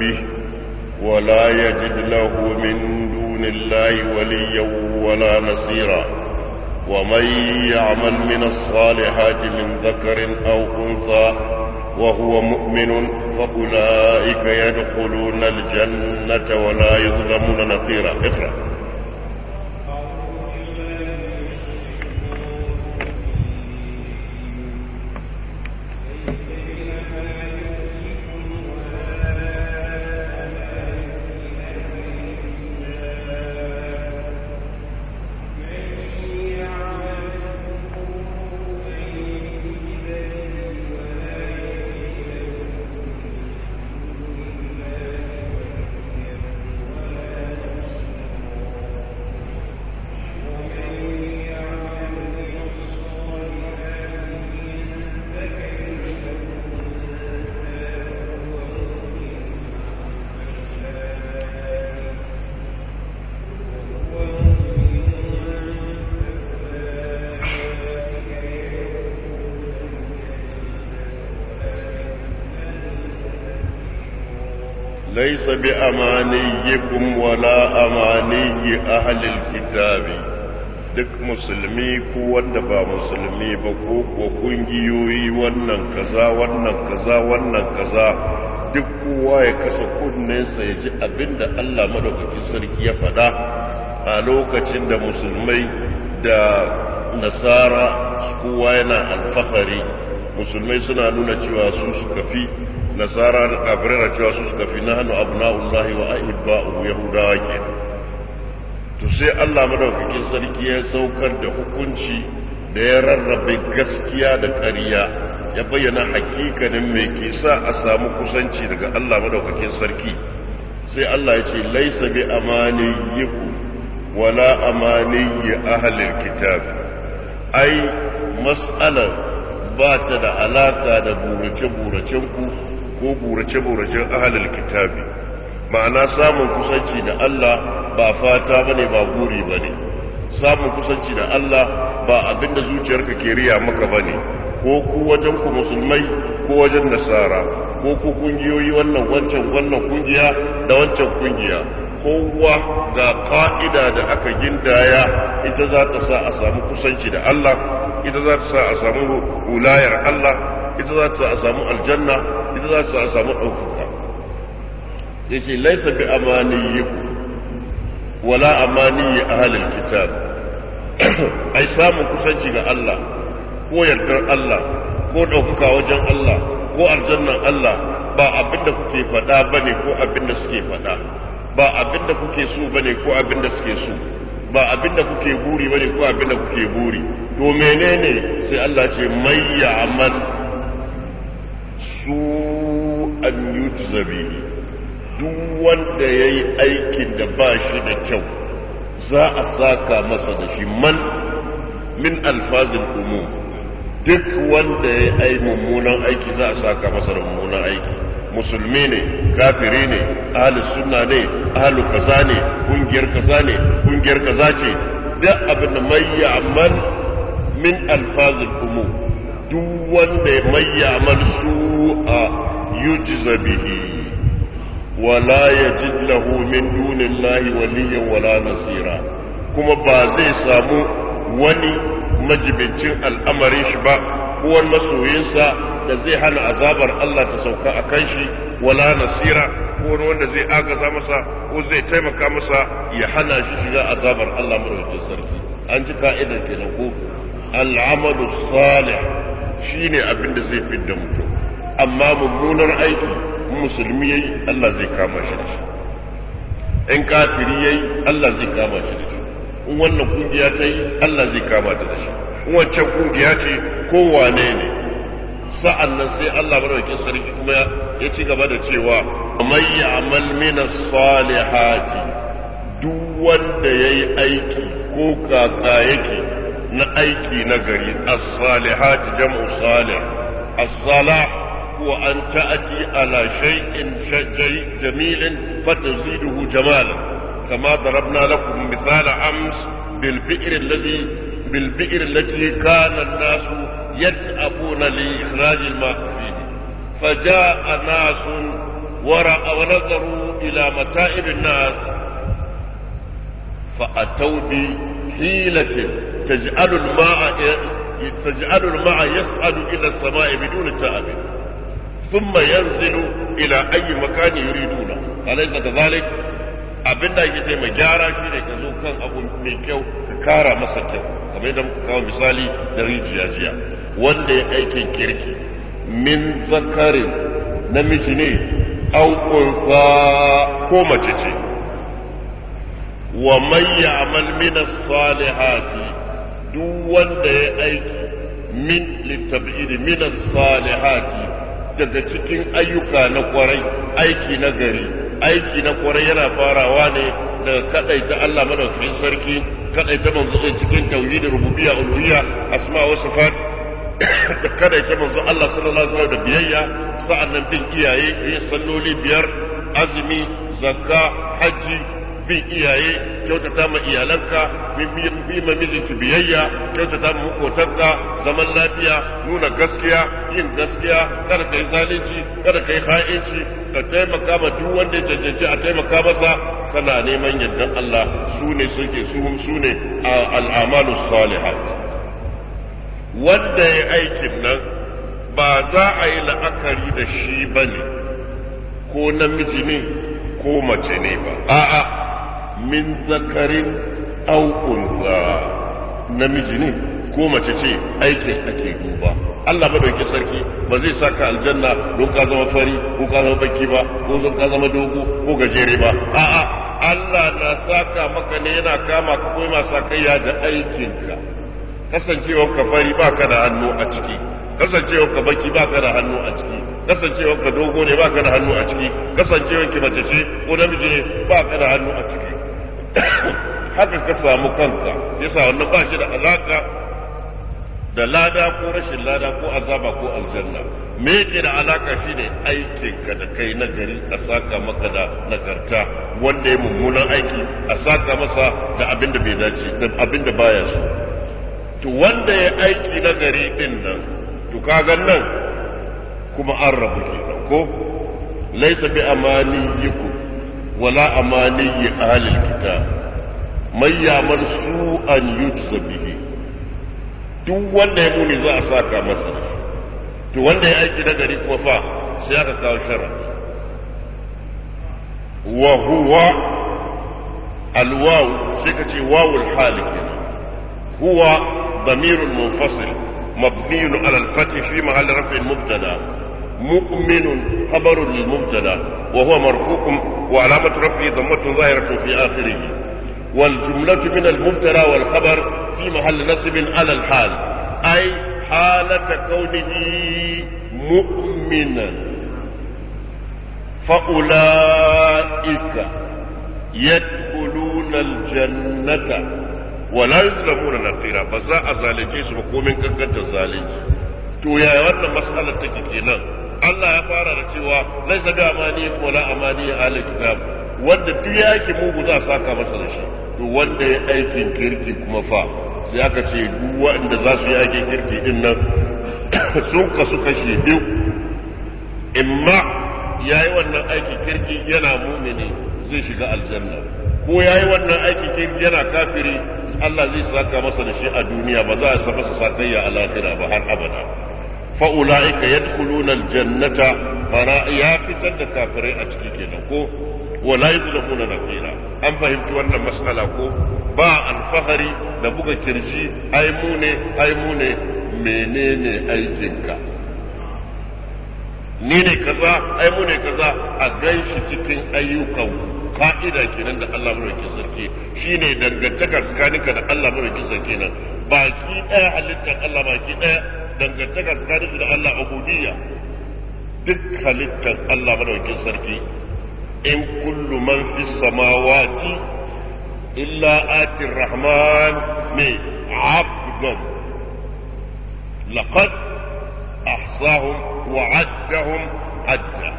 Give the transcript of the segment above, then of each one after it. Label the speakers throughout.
Speaker 1: به ولا يجد له من دون الله وليا ولا نصيرا ومن يعمل من الصالحات من ذكر أو أنثى وهو مؤمن فأولئك يدخلون الجنة ولا يظلمون نصيرا اقرأ ليس بأمانيكم ولا أماني أهل الكتاب duk musulmi ko wanda ba musulmi ba ko ko kungiyoyi wannan kaza wannan kaza wannan kaza duk kowa ya kasa sa ya ji abinda Allah madaukakin sarki ya faɗa a lokacin da musulmai da nasara kowa yana alfahari musulmai suna nuna cewa su suka fi nasara da kafirai na cewa su suka fi na Allah wa ahibba'uhu yahudawa ke to sai Allah madaukakin sarki ya saukar da hukunci da ya rarrabe gaskiya da ƙarya ya bayyana hakikanin mai ke sa a samu kusanci daga Allah madaukakin sarki sai Allah ya ce laisa bi amaniyikum wala amaniyi ahalin kitab ai mas'alar ba ta da alaka da burace-buracenku ko burace-buracen ahalar kitabi ma'ana samun kusanci da Allah ba fata bane ba buri bane samun kusanci da Allah ba abinda zuciyarka ke riya maka bane ko ku wajen ku musulmai ko wajen nasara ko ku kungiyoyi wannan wancan wannan kungiya da wancan kungiya kowa ga ka'ida da aka gindaya ita za ta sa a samu kusanci da Allah ita za ta sa a samu ulayar Allah ita za ta a samu aljanna ita za ta a samu ɗaukaka ya ce laisa bi amaniyiku wala amaniyi ahalil kitab ai samun kusanci ga Allah ko yardar Allah ko ɗaukaka wajen Allah ko aljannan Allah ba abin da kuke faɗa bane ko abin da suke faɗa ba abin da kuke so bane ko abin da suke so ba abin da kuke buri bane ko abin da kuke buri to menene sai Allah ce mai ya'mal su'an yujza bihi duk wanda yayi aikin da ba shi da kyau za a saka masa da shi man min alfazil umum duk wanda yayi ai mummunan aiki za a saka masa da mummunan aiki musulmi ne kafiri ne ahli sunna ne ahli kaza ne kungiyar kaza ne kungiyar kaza ce duk abin da mai Man min alfazil umum duk wanda mai ya'mal a yujza bihi wala ya lahu min dunillahi waliyyan wala nasira kuma ba zai samu wani majibincin al'amarin shi ba ko masoyinsa da zai hana azabar Allah ta sauka a kan shi wala nasira ko wanda zai agaza masa ko zai taimaka masa ya hana shi shiga azabar Allah madaukakin sarki an ji ka'idar kenan ko al'amalu salih Shi ne abin da zai fidda mutum amma mummunar aiki musulmi yayi Allah zai kama shi in kafiri yayi Allah zai kama shi in wannan kungiya ta yi Allah zai kama ta da shi in wancan kungiya ce ko wane ne sa'an nan sai Allah barake sarki kuma ya ci gaba da cewa man ya'mal min as-salihati duk wanda yayi aiki ko kaka yake na aiki na gari as-salihat jam'u salih as-salah huwa an ta'ti ala shay'in shay'in jamilin fataziduhu jamalan kama darabna lakum mithala ams bil bi'r alladhi bil bi'r allati kana an-nas yad'abuna li ikhraj al-ma' fihi wa ناس ورأى ونظروا إلى متائب الناس فأتوا بي hilatin taj'alul ma'a taj'alul ma'a yas'adu ila as-sama'i bidun ta'abin thumma yanzilu ila ayyi makani yuriduna alaysa kadhalik abin da yake sai mai gyara shi ne ka zo kan abu mai kyau ka kara masa kyau kamar muka kawo misali da rijiya jiya wanda ya aikin kirki min zakarin namiji ne au ko mace ce wa man ya'mal min as-salihati duk wanda ya aiki min litab'id min as-salihati daga cikin ayyuka na kwarai aiki na gari aiki na kwarai yana farawa ne daga kadaita Allah madaukakin sarki kadaita manzo cikin tauhid rububiyya uluhiyya asma wa sifat da kadaita manzo Allah sallallahu alaihi wasallam da biyayya sa'annan bin iyaye yin salloli biyar azumi zakka hajji bin iyaye kyautata ma iyalanka bi ma mijinki biyayya kyautata ma makotanka zaman lafiya nuna gaskiya yin gaskiya kada kai zalunci kada kai ha'inci ka taimaka ma duk wanda ya cancanci a taimaka masa kana neman yardan Allah su ne suke su ne al'amalu salihat wanda ya aikin nan ba za a yi la'akari da shi bane ko namiji ne ko mace ne ba a'a min zakarin au unza namiji ne ko mace ce aikin ake duba Allah madauki sarki ba zai saka aljanna don ka zama fari ko ka zama baki ba ko don ka zama dogo ko gajere ba a'a Allah na saka maka ne yana kama ka koyi masa kayya da aikinka kasancewar ka fari ba ka da hannu a ciki kasancewar ka baki ba ka da hannu a ciki kasancewar ka dogo ne ba ka da hannu a ciki kasancewar ki mace ce ko namiji ne ba ka da hannu a ciki haka ka samu kanka yasa wannan ba shi da alaka da lada ko rashin lada ko azaba ko aljanna me yake da alaka shi ne aikinka da kai na gari a saka maka da nagarta wanda ya mummunan aiki a saka masa da abin da bai dace da abin da baya so to wanda ya aiki na gari din nan to kaga nan kuma an rabu kenan ko laisa bi yiku ولا أماني أهل الكتاب من يعمل سوءا يجزى به duk wanda ya muni za a saka masa to wanda ya aiki na gari kuma fa sai aka kawo wa huwa alwaw sai ka ce wawul halik huwa damirul munfasil mabniun ala alfatih fi mahall rafi mubtada مؤمن خبر للمبتدا وهو مرفوع وعلامة رفعه ضمة ظاهرة في آخره والجملة من المبتدا والخبر في محل نصب على الحال أي حالة كونه مؤمنا فأولئك يدخلون الجنة ولا يظلمون نقيرا بس لا أزالي جيس وقوم كنت زالي to yaya wannan matsalar take kenan Allah ya fara da cewa lai bi amani ko la amani ahli kitab wanda duk yake mugu za a saka masa da shi to wanda ya aikin kirki kuma fa sai aka ce duk wanda za su yi aikin kirki din nan sun kasu kashe biyu imma yayi wannan aikin kirki yana mumini zai shiga aljanna
Speaker 2: ko yayi wannan
Speaker 1: aikin kirki yana kafiri Allah zai saka masa da shi a duniya ba za a sa masa sakayya a lahira ba har abada fa'ula'ika yadkhuluna aljannata bara ya fitar da kafirai a ciki kenan ko wala na naqira an fahimci wannan mas'ala ko ba alfahari da buga kirji ai mu ne ai mu ne menene aikinka ni ne kaza ai mu ne kaza a shi cikin ayyukan ka'ida kenan da Allah kisa sarki shine dangantaka tsakaninka da Allah mulkin sarki nan baki ɗaya halittar Allah baki ɗaya dangantaka tsakanin su da Allah ubudiyya duk halittar Allah madaukakin sarki in kullu man fi samawati illa atir rahman me abdan laqad ahsahum wa addahum adda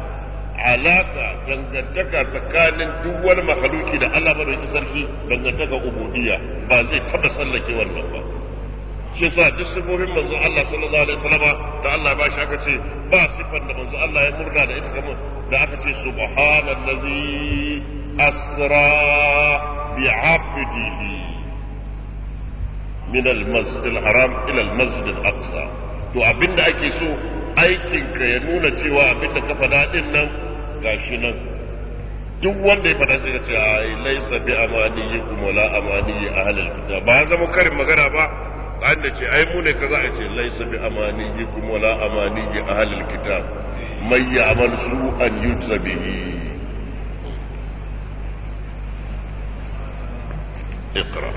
Speaker 1: alaka dangantaka tsakanin duk wani mahaluki da Allah madaukakin sarki dangantaka ubudiyya ba zai taba sallake wannan ba shi yasa duk sifofin manzo Allah sallallahu alaihi wasallam da Allah ba shi aka ce ba sifar da manzo Allah ya murna da ita kamar da aka ce subhanallazi asra bi 'abdihi min al-masjid al-haram ila al-masjid al-aqsa to abinda ake so aikin ka ya nuna cewa abinda ka faɗa din nan gashi nan duk wanda ya faɗa sai ka ce ai laisa bi amaniyikum wala amaniyi ahlul kitab ba zama karin magana ba an da ce ai mu ne kaza a ce laisa bi amani kuma wala amani bi ahlil kitab amal su su'an yujza bihi اقرأ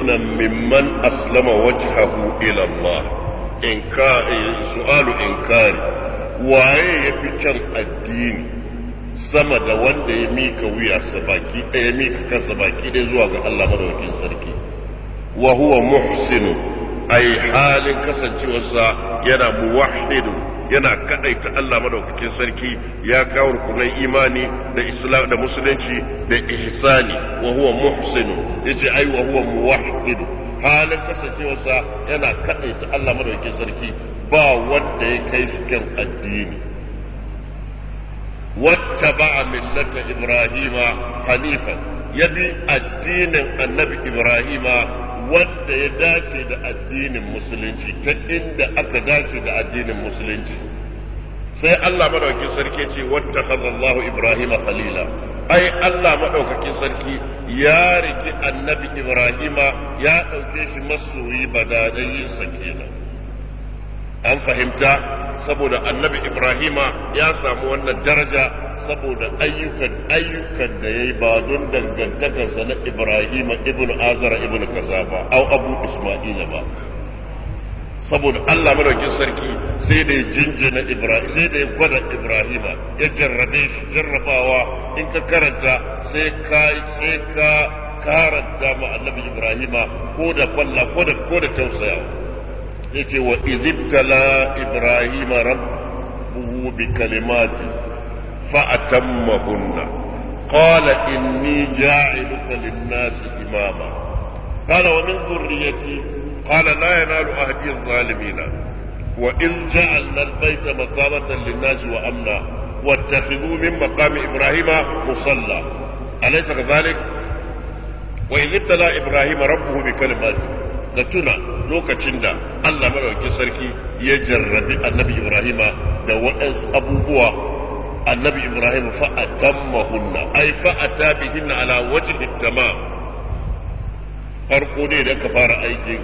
Speaker 1: husna mimman aslama wajhahu ila Allah in ka su'alu inkari waye yafi can addini sama da wanda ya mika wuya sabaki ɗaya mika kansa baki ɗaya zuwa ga Allah madaukakin sarki wa huwa muhsinu ai halin sa yana muwahhidun yana kadaita Allah madaukakin sarki ya kawo rukunan imani da islam da musulunci da ihsani wa huwa muhsin yace ai wa huwa muwahhidu halin kasancewarsa yana kaɗaita Allah madaukakin sarki ba wanda ya kai addini. kan addini a millata ibrahima hanifan yabi addinin annabi ibrahima wanda ya dace da addinin musulunci ta inda aka dace da addinin musulunci sai Allah madaukakin sarki ce wata Allahu Ibrahim khalila ai Allah madaukakin sarki ya riki annabi Ibrahima ya ɗauke shi masoyi ba da dayinsa kenan an fahimta saboda annabi ibrahima ya samu wannan daraja saboda ayyukan ayyukan da ya yi ba don dangantakarsa na ibrahima ibn azara ibn kaza ba au abu isma'ila ba saboda allah madaukin sarki sai da ya jinjina ibrahim sai da gwada ibrahima ya jarrabe shi jarrabawa in ka karanta sai ka sai ka karanta ma annabi ibrahima ko da kwalla ko da ko da tausayawa yace wa izibtala ibrahima rabbuhu bi kalimati fa atammahunna qala inni ja'iluka lin-nasi imama qala wa min dhurriyyati qala la yanalu ahdi adh-dhalimin wa in ja'alna al-bayta maqamatan lin-nasi wa amna واتخذوا من مقام ابراهيم مصلى اليس كذلك wa izibtala ibrahim rabbuhu bi kalimati da tuna lokacin da Allah madauki sarki ya jarrabi annabi Ibrahim da waɗansu abubuwa annabi ibrahim fa atammahunna ay fa atabihinna ala wajhi tamam farko ne da ka fara aiki.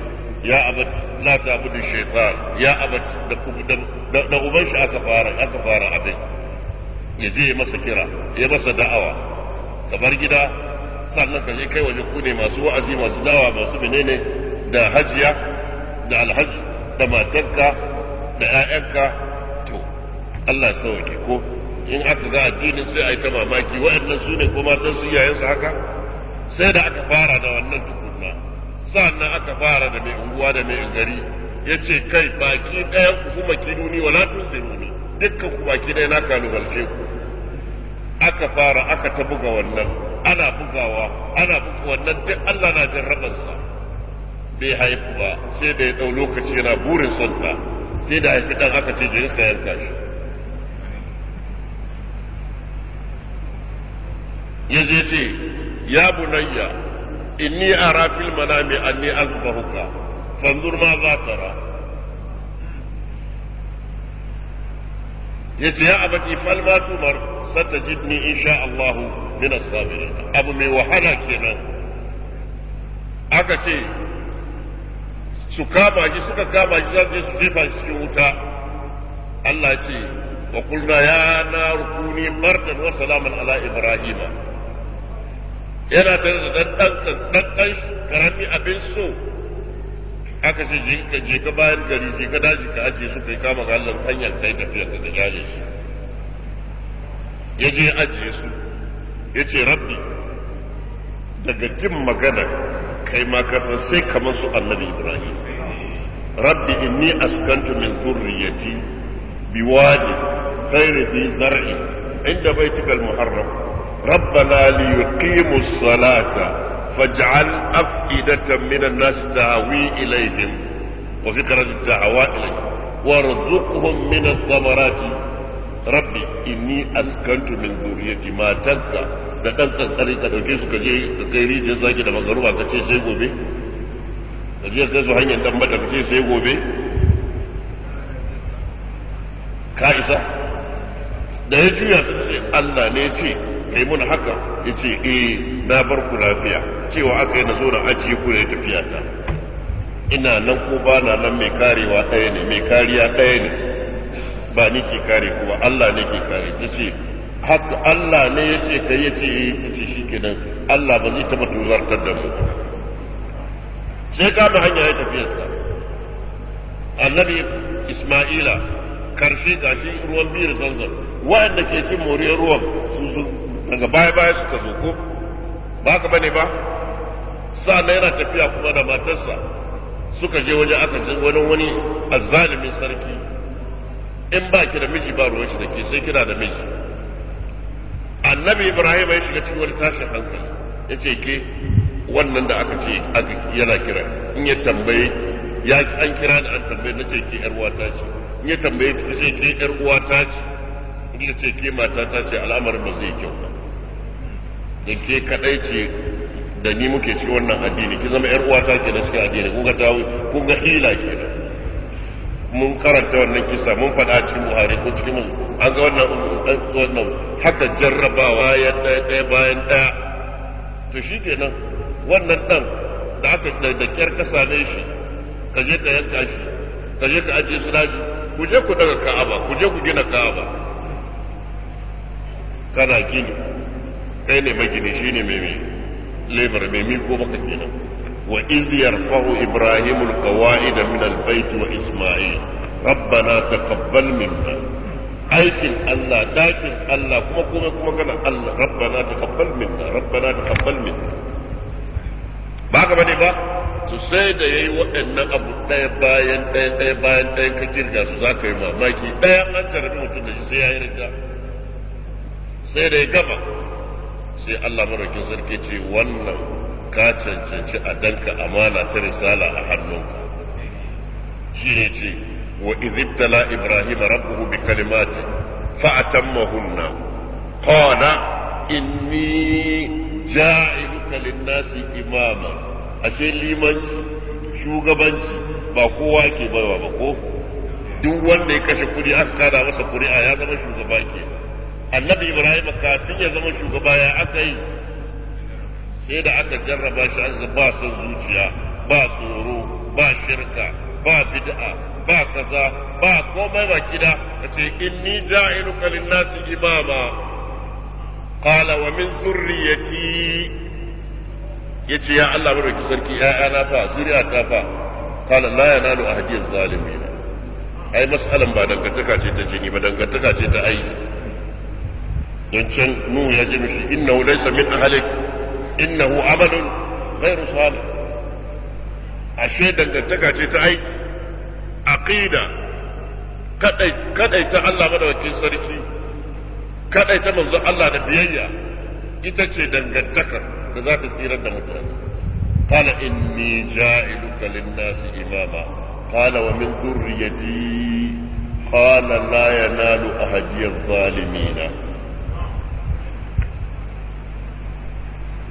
Speaker 1: ya abati la ta'budu shaytan ya abati da kubudan da uban shi aka fara aka fara abai ya je masa kira ya masa da'awa kamar gida sannan ka je kai waje ku ne masu wa'azi masu dawa masu menene da hajiya da alhaji da matanka da 'ya'yanka to Allah sauke ko in aka ga addini sai a yi ta mamaki waɗannan su ne ko matan su iyayensu haka sai da aka fara da wannan tukunna sannan aka fara da mai unguwa da mai gari ya ce kai baki ɗaya ku kuma duni wala tunziruni dukkan ku baki ɗaya na kalubalce ku aka fara aka ta buga wannan ana bugawa ana buga wannan duk Allah na jarrabarsa bai haifu ba sai da ya ɗau lokaci yana burin sonta sai da haifi ɗan aka ce jini ka yanka ya je ce ya bunayya inni ara fil manami anni azbahuka fanzur ma za tara yace ya abati fal ma tumar satajidni insha Allahu. abu mai wahala kenan aka ce su kama suka kama shi sai su jefa shi wuta Allah ya ce wa qulna ya nar kuni bardan wa salaman ala ibrahima yana tare da dan dan dan karami abin so aka ce je ka je ka bayan gari je ka daji ka aje kai kama ga Allah hanyar kai tafiyar da jare shi ya je ajiye su ya ce rabbi daga jin magana kai ma ka san kamar su annabi ibrahim rabbi inni askantu min zurriyati bi wadi khayri bi zar'i inda baitikal muharram rabbana li yuqimu salata faj'al afidatan min an-nas tahwi ilayhim wa fikra ad-da'wa ilayhim warzuqhum min ath-thamarati rabbi inni askantu min zuriyati tazza da dan tsantsari ka dauke su ka je ka kai rijiyar zaki da magaruba ka ce sai gobe ka je ka su hanyar dan bada ka ce sai gobe ka isa da ya juya ta ce Allah ne ce kai mun haka ya ce eh na bar ku lafiya cewa aka yi na zo na ajiye ku ne tafiya ta ina nan ko ba na nan mai karewa ɗaya ne mai kariya ɗaya ne ba ni ke kare kuwa Allah ne ke kare ta ce haka Allah ne ya ce ka yi ce yi eh, ce shi kenan Allah ba zai taɓa tuzartar da mu sai kama hanya ya tafiyarsa annabi Ismaila karshe shi ruwan biyar zanzan wa'anda ke cin moriyar ruwan su su daga baya baya suka zo ko ba ka bane ba sa yana tafiya kuma da matarsa suka je waje aka wani wani azzalimin sarki in ba ki da miji ba ruwan shi da ke sai kira da miji annabi ibrahim ya shiga cikin wani tashin hankali ya ce ke wannan da aka ce yana kira in ya tambaye ya an kira da an tambaye na ce ke yar uwata ce in ya tambaye ta ce ke yar uwata ce in ya ce ke mata ta ce al'amarin ba zai kyau ba da ke kadai ce da ni muke cikin wannan addini ki zama yar uwata ke na cikin addini kun ga dawo kun ga hila kenan mun karanta wannan kisa mun faɗa cikin buhari ko cikin mun an ga wannan wannan haka jarrabawa ya ɗaya ɗaya bayan ɗaya to shi kenan wannan ɗan da aka da ƙyar ka ne shi ka je ka yanka shi ka je ka aje su nashi ku je ku daga ka'aba ku je ku gina ka'aba kana gini kai ne magini shi ne mai lebar mai miko maka kenan وإذ يرفع إبراهيم القواعد من البيت وإسماعيل ربنا تقبل منا aikin Allah dakin Allah kuma kuma kuma kana Allah rabbana taqabbal minna rabbana taqabbal minna ba ka bane ba to sai da yayi waɗannan abu ɗaya bayan ɗaya ɗaya bayan ɗaya ka kirga su za ka yi mamaki ɗaya an karbi mutum da shi sai ya yi rida sai da ya gama sai Allah maraukin sarki ce wannan ka cancanci a danka amana ta risala a hannun shi ne ce wa izittala ibrahim rabbuhu bi kalimati fa'atammahunna qala inni ja'iluka lin-nasi imama ashe limanci shugabanci ba kowa ke baiwa ba ko duk wanda ya kashe kuri aka kada masa kuri'a ya zama shugaba ke annabi ibrahim kafin ya zama shugaba ya aka yi sai da aka jarraba shi an ba son zuciya ba tsoro ba shirka ba bid'a ba kaza ba komai ba kida kace inni ja'ilu kalin nasi imama qala wa min zurriyati yace ya Allah barki sarki na fa zuriya ta fa qala la yanalu ahdi zalimin ai mas'alan ba dangantaka ce ta jini ba dangantaka ce ta aiki don can nuhu ya ji mishi innahu laysa min ahlik innahu amalun ghairu salih ashe dangantaka ce ta aiki aqida kadai ta Allah madaukakin sarki kadai ta manzo Allah da biyayya ita ce dangantakar da za ta tsirar da mutane قال إني جاعلك للناس إماما قال ومن ذريتي قال لا ينال أهدي الظالمين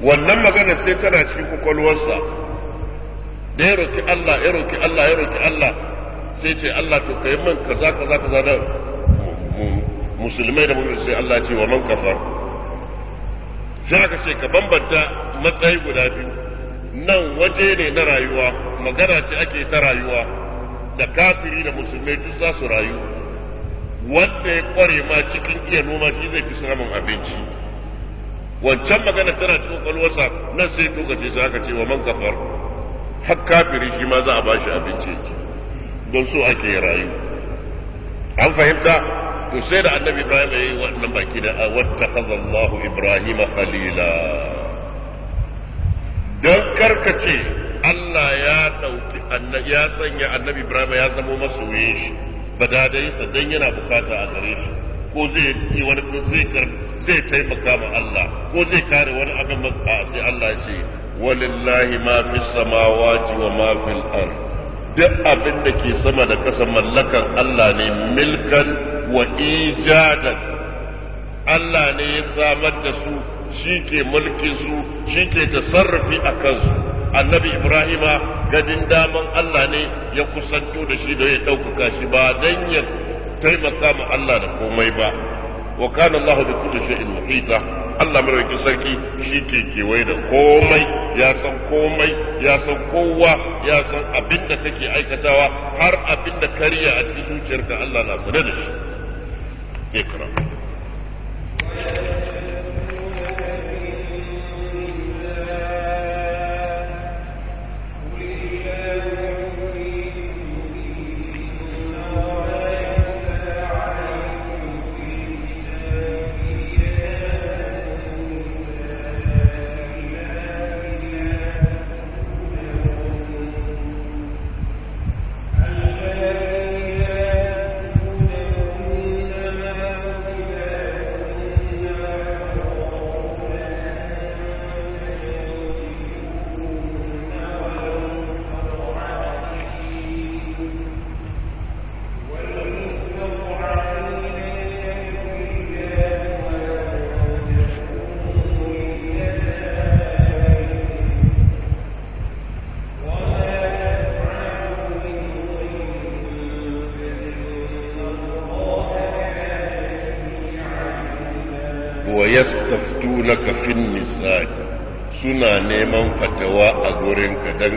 Speaker 1: wannan magana sai tana cikin kwakwalwarsa da ya roki Allah ya roki Allah ya roki Allah sai ce Allah to kai man kaza kaza kaza da musulmai da mu'min sai Allah ce wa man kafar sai aka ce ka bambanta matsayi guda biyu nan waje ne na rayuwa magana ce ake ta rayuwa da kafiri da musulmai duk za su rayu wanda ya kware ma cikin iya noma shi zai fi samun abinci wancan magana tana cikin kwalwarsa nan sai tokace su aka ce wa man kafar har kafiri shi ma za a bashi abinci yake don so ake rayu an fahimta to sai da annabi ibrahim ya yi wannan baki da a wata Allahu ibrahim khalila don karkace Allah ya ɗauki ya sanya annabi ibrahim ya zamo masoyin shi ba da sa don yana bukata a gare shi ko zai yi wani zai zai taimaka ma Allah ko zai kare wani abin a sai Allah ya ce walillahi ma fi samawati wa ma fil ard duk abin da ke sama da ƙasa mallakan Allah ne milkan wa ijadan Allah ne ya samar da su shi ke mulkin su shi ke tasarrufi a kansu annabi ibrahima gadin daman Allah ne ya kusanto da shi da ya ɗaukaka shi ba don ya taimaka ma Allah da komai ba wa kana Allah bi kulli shay'in muhita Allah madaukakin sarki shi ke kewaye da komai yasan komai ya kowa ya san abin da kake aikatawa har abin da kariya a cikin zuciyarka Allah na sane da shi ikra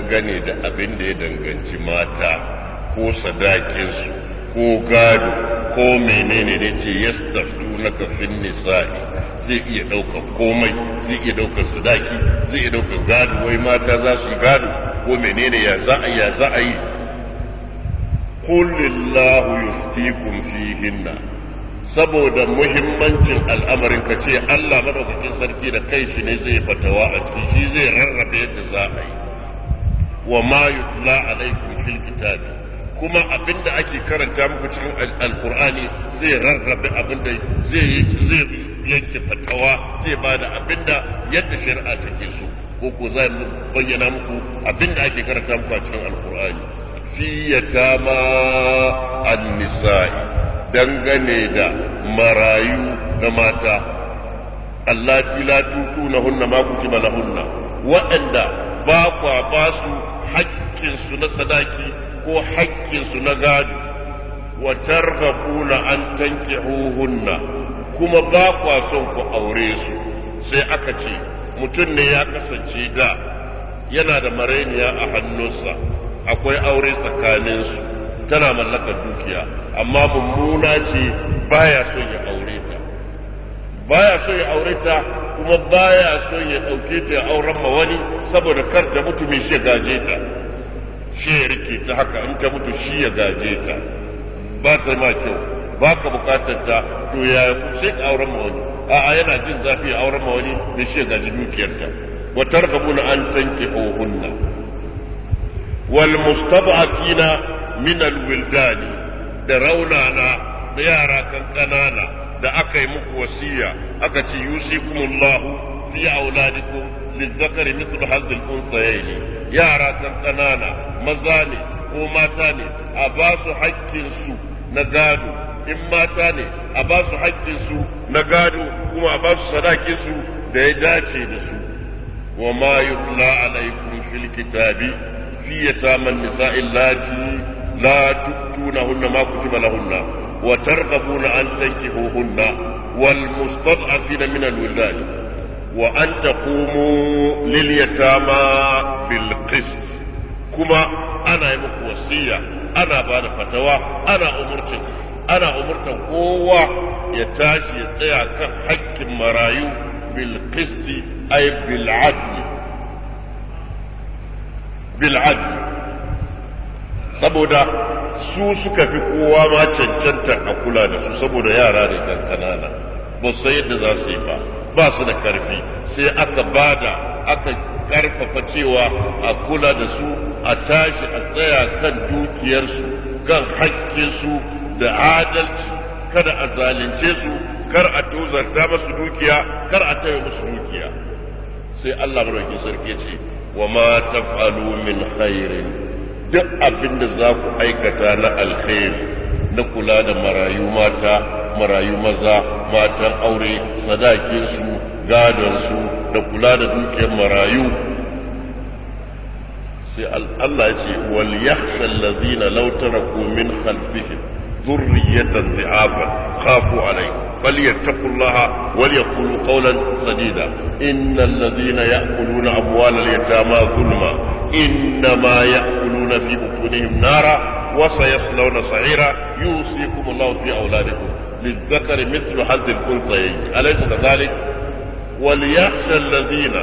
Speaker 1: dangane da abin da ya danganci mata ko sadakinsu ko gado ko menene da ce yastaftu na kafin nisa'i zai iya ɗaukar komai zai iya ɗaukar sadaki zai iya ɗaukar gado wai mata za su gado ko menene ya za a ya za a yi kullillahu yuftikum fihinna saboda muhimmancin al'amarin ka ce Allah madaukakin sarki da kai shi ne zai fatawa a ciki shi zai rarrabe yadda za a yi wa ma yutla alaikum fil kitab kuma abinda ake karanta muku cikin alqur'ani zai rarrabe abinda zai zai yanke fatawa zai bada abinda yadda shari'a take so ko ko zai bayyana muku abinda ake karanta muku a cikin alqur'ani fi yatama annisa'i dangane da marayu na mata allati la tutunahunna ma kutiba lahunna waɗanda ba kwa ba su su na sadaki ko su na gado wa targhabuna an tankihuhunna kuma ba kwa son ku aure su sai aka ce mutum ne ya kasance da yana da marainiya a hannunsa akwai aure tsakaninsu tana mallakar dukiya amma mummuna ce baya son ya aure ta baya so ya aure ta kuma baya son ya ɗauke ta ya auren ma wani saboda kar ta mutu mai shi ya gaje ta shi ya rike ta haka in ta mutu shi ya gaje ta ba ta ma kyau ba ka bukatar ta to ya sai ka auren ma wani a'a yana jin zafi ya auren ma wani mai shi ya gaji ta wa targabuna an tankihuhunna
Speaker 3: wal mustab'atina
Speaker 1: min al wildani da raunana da yara kan kanana da aka yi muku wasiya aka ce yusikumullahu fi auladikum lizakari mithlu hazzil unsayaini yara kan kanana maza ne ko mata ne a ba su haƙƙin na gado in mata ne a ba su haƙƙin na gado kuma a ba su da ya dace da su wa ma yutla alaikum fil kitabi fi yataman nisa'il lati la hunna ma kutiba lahunna وترغبون أن تنكحوهن والمستضعفين من الولدان وأن تقوموا لليتامى بالقسط كما أنا يمك وصية أنا بعد فتوى أنا أمرتك أنا أمرتك هو يتاجي يطيع حق مرايو بالقسط أي بالعدل بالعدل saboda su suka fi kowa ma cancanta a kula da su saboda yara ne kan kanana ba su yadda za su yi ba ba su da karfi sai aka bada aka karfafa cewa a kula da su a tashi a tsaya kan dukiyarsu kan haƙƙinsu da adalci kada a zalunce su kar a tozarta masu dukiya kar a taya musu dukiya sai Allah baraki sarki ce wa ma ta min khairin duk abin da za ku aikata na alkhairi na kula da marayu mata marayu maza matan aure sadakinsu gadonsu da kula da dukiyar marayu sai Allah ya ce wal yahsal ladzina law taraku min khalfihim dhurriyatan dhi'afan khafu alayhim فليتقوا الله وليقولوا قولا سديدا إن الذين يأكلون أموال اليتامى ظلما inna ma ya kunu na fi bukunihim nara wasa ya sulau na sa'ira yi usi kuma lauti a wula da ku lizakari mitru hazin kun tsaye alaisu da zali wal ya shan lazina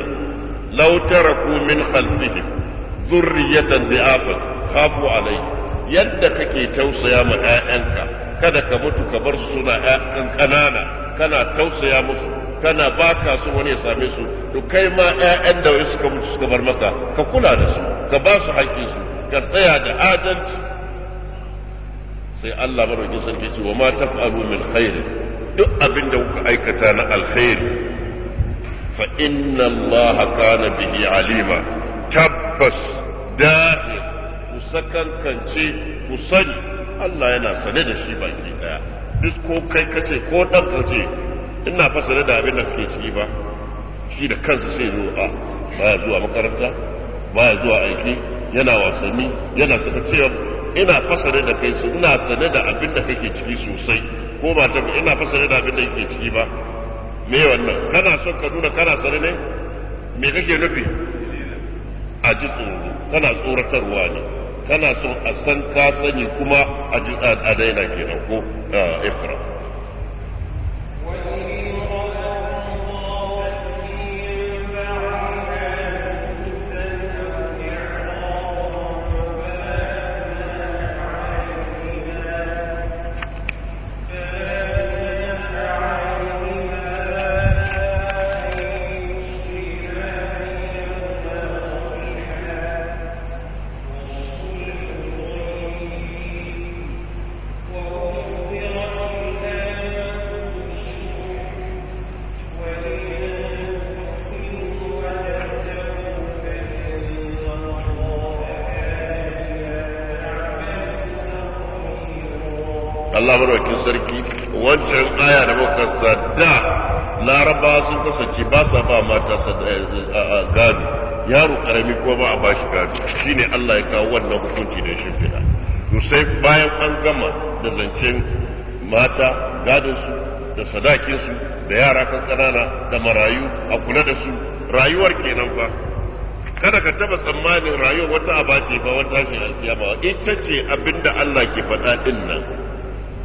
Speaker 1: lautara ku min halsihi zurriyatan da afa kafu alai yadda kake tausaya ma 'ya'yanka kada ka mutu ka bar suna 'ya'yan ƙanana kana tausaya musu kana ba ka wani ya same su to kai ma ƴaƴan da wani suka mutu suka bar maka ka kula da su ka ba su haƙƙin su ka tsaya da adalci sai Allah madaukin sarki ce wa ma taf'alu min khair duk abin da kuka aikata na alkhairi fa inna Allah kana bihi alima
Speaker 2: tabbas da'ir
Speaker 1: ku sakankance ku sani Allah yana sane da shi baki daya duk ko kai kace ko dan kace ina fasara da abin da ke ciki ba shi da kansa sai zo a ah, baya zuwa makaranta baya zuwa aiki yana wasanni yana saka cewa ina fasara da kai su ina sane da abin da kake ciki sosai ko ba ta ina fasara da abin da kake ciki ba me wannan kana son ka nuna kana sane ne me kake nufi a ji tsoro kana tsoratarwa ne kana son a san ka sani kuma a daina kenan ko ifra ah, Allah marwakin sarki wancan aya da muka da laraba sun kasance ba sa ba mata eh, a gado yaro karami ko ba a bashi gado shine Allah ya kawo wannan hukunci da shi fida to sai bayan an gama da zancen mata gadon su da sadakin su da yara kan kanana da marayu a kula da su rayuwar kenan fa kada ka taba tsammanin rayuwar wata abace ba wata shi ba. ita ce abinda Allah ke faɗa din nan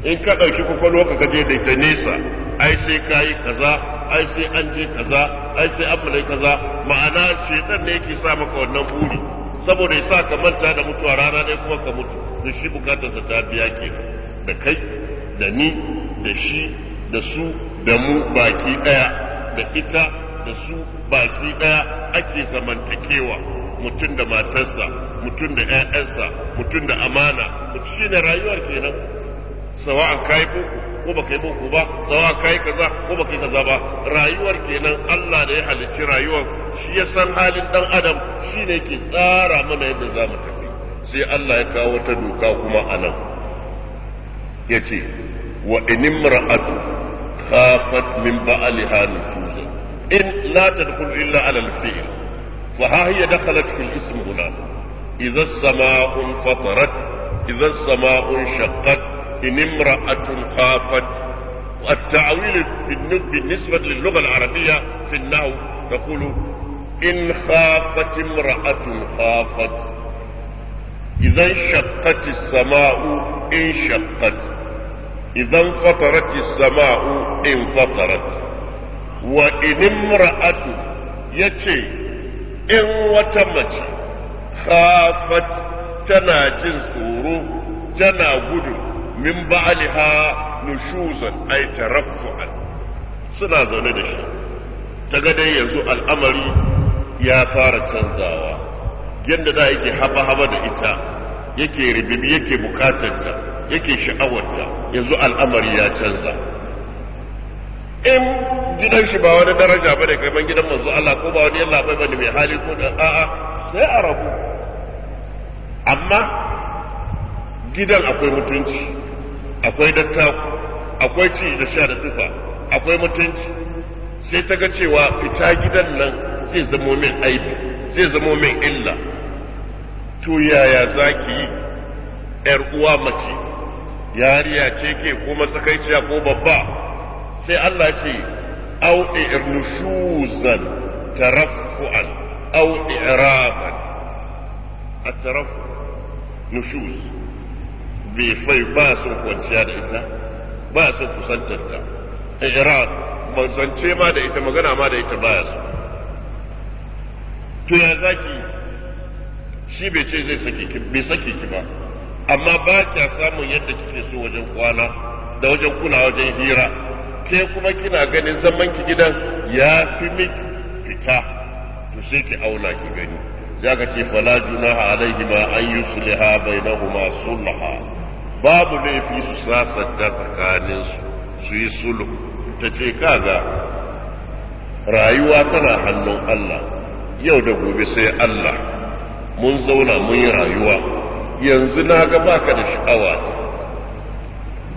Speaker 1: in ka ɗauki kwakwalwa ka je da ita nesa ai sai ka yi kaza ai sai an je kaza ai sai an mulai kaza ma'ana shaitan ne yake sa maka wannan buri saboda ya sa ka manta da mutuwa rana ɗaya kuma ka mutu da shi bukatarsa ta biya ke da kai da ni da shi da su da mu baki ɗaya da ita da su baki ɗaya ake zamantakewa mutum da matarsa mutum da 'ya'yansa mutum da amana mutum shi ne rayuwar kenan sawa'an kai boko ko baka yi boko ba sawa'an kai kaza ko baka yi kaza ba rayuwar kenan Allah da ya halicci rayuwar shi ya san halin dan adam shine ke tsara mana yadda za mu tafi sai Allah ya kawo ta doka kuma a nan yace wa inimra'atu khafat min ba'liha nutuzan in la tadkhul illa ala al-fi'l fa hiya dakhalat fil ism hunan idza as-sama'u fatarat idza as-sama'u shaqqat إن امرأة خافت والتعويل بالنسبة للغة العربية في النحو تقول إن خافت امرأة خافت إذا انشقت السماء انشقت إذا انفطرت السماء انفطرت وإن امرأة يتي إن وتمت خافت تناجي جن تناجي tana min ba'liha nushuzan ay tarafu'an suna zaune da shi ta ga dai yanzu al'amari ya fara canzawa yadda da yake haba-haba da ita yake ribibi yake bukatarta yake sha'awarta yanzu al'amari ya canza in gidan shi ba wani daraja ba kai ban gidan manzo Allah ko ba wani yalla bai bane mai hali ko da a'a sai a rabu amma gidan akwai mutunci akwai dattaku akwai ci da sha da tufa akwai mutunci sai ta ga cewa fita gidan nan zai zamo min aibi zai zamo min illa to yaya za ki yi ‘yar uwa mace yariya ce ke ko matsakaiciya ko babba sai Allah ce au irnushuzan tarafu'an au iraban a tarafu nushuz bai fai ba su kwanciya da ita ba su kusantar ta Iran ban sance ma da ita magana ma da ita ya su to ya zaki shi bai ce zai sake ki bai sake ki ba amma ba kya samun yadda kike so wajen kwana da wajen kula wajen hira ke kuma kina ganin zaman ki gidan ya fi miki fita to sai ki auna ki gani zaka ce fala junaha alaihima an yusliha bainahuma sulha babu laifi su sasanta tsakaninsu su yi sulhu ta ce kaga rayuwa tana hannun Allah yau da gobe sai Allah mun zauna mun yi rayuwa yanzu na ga baka da sha'awa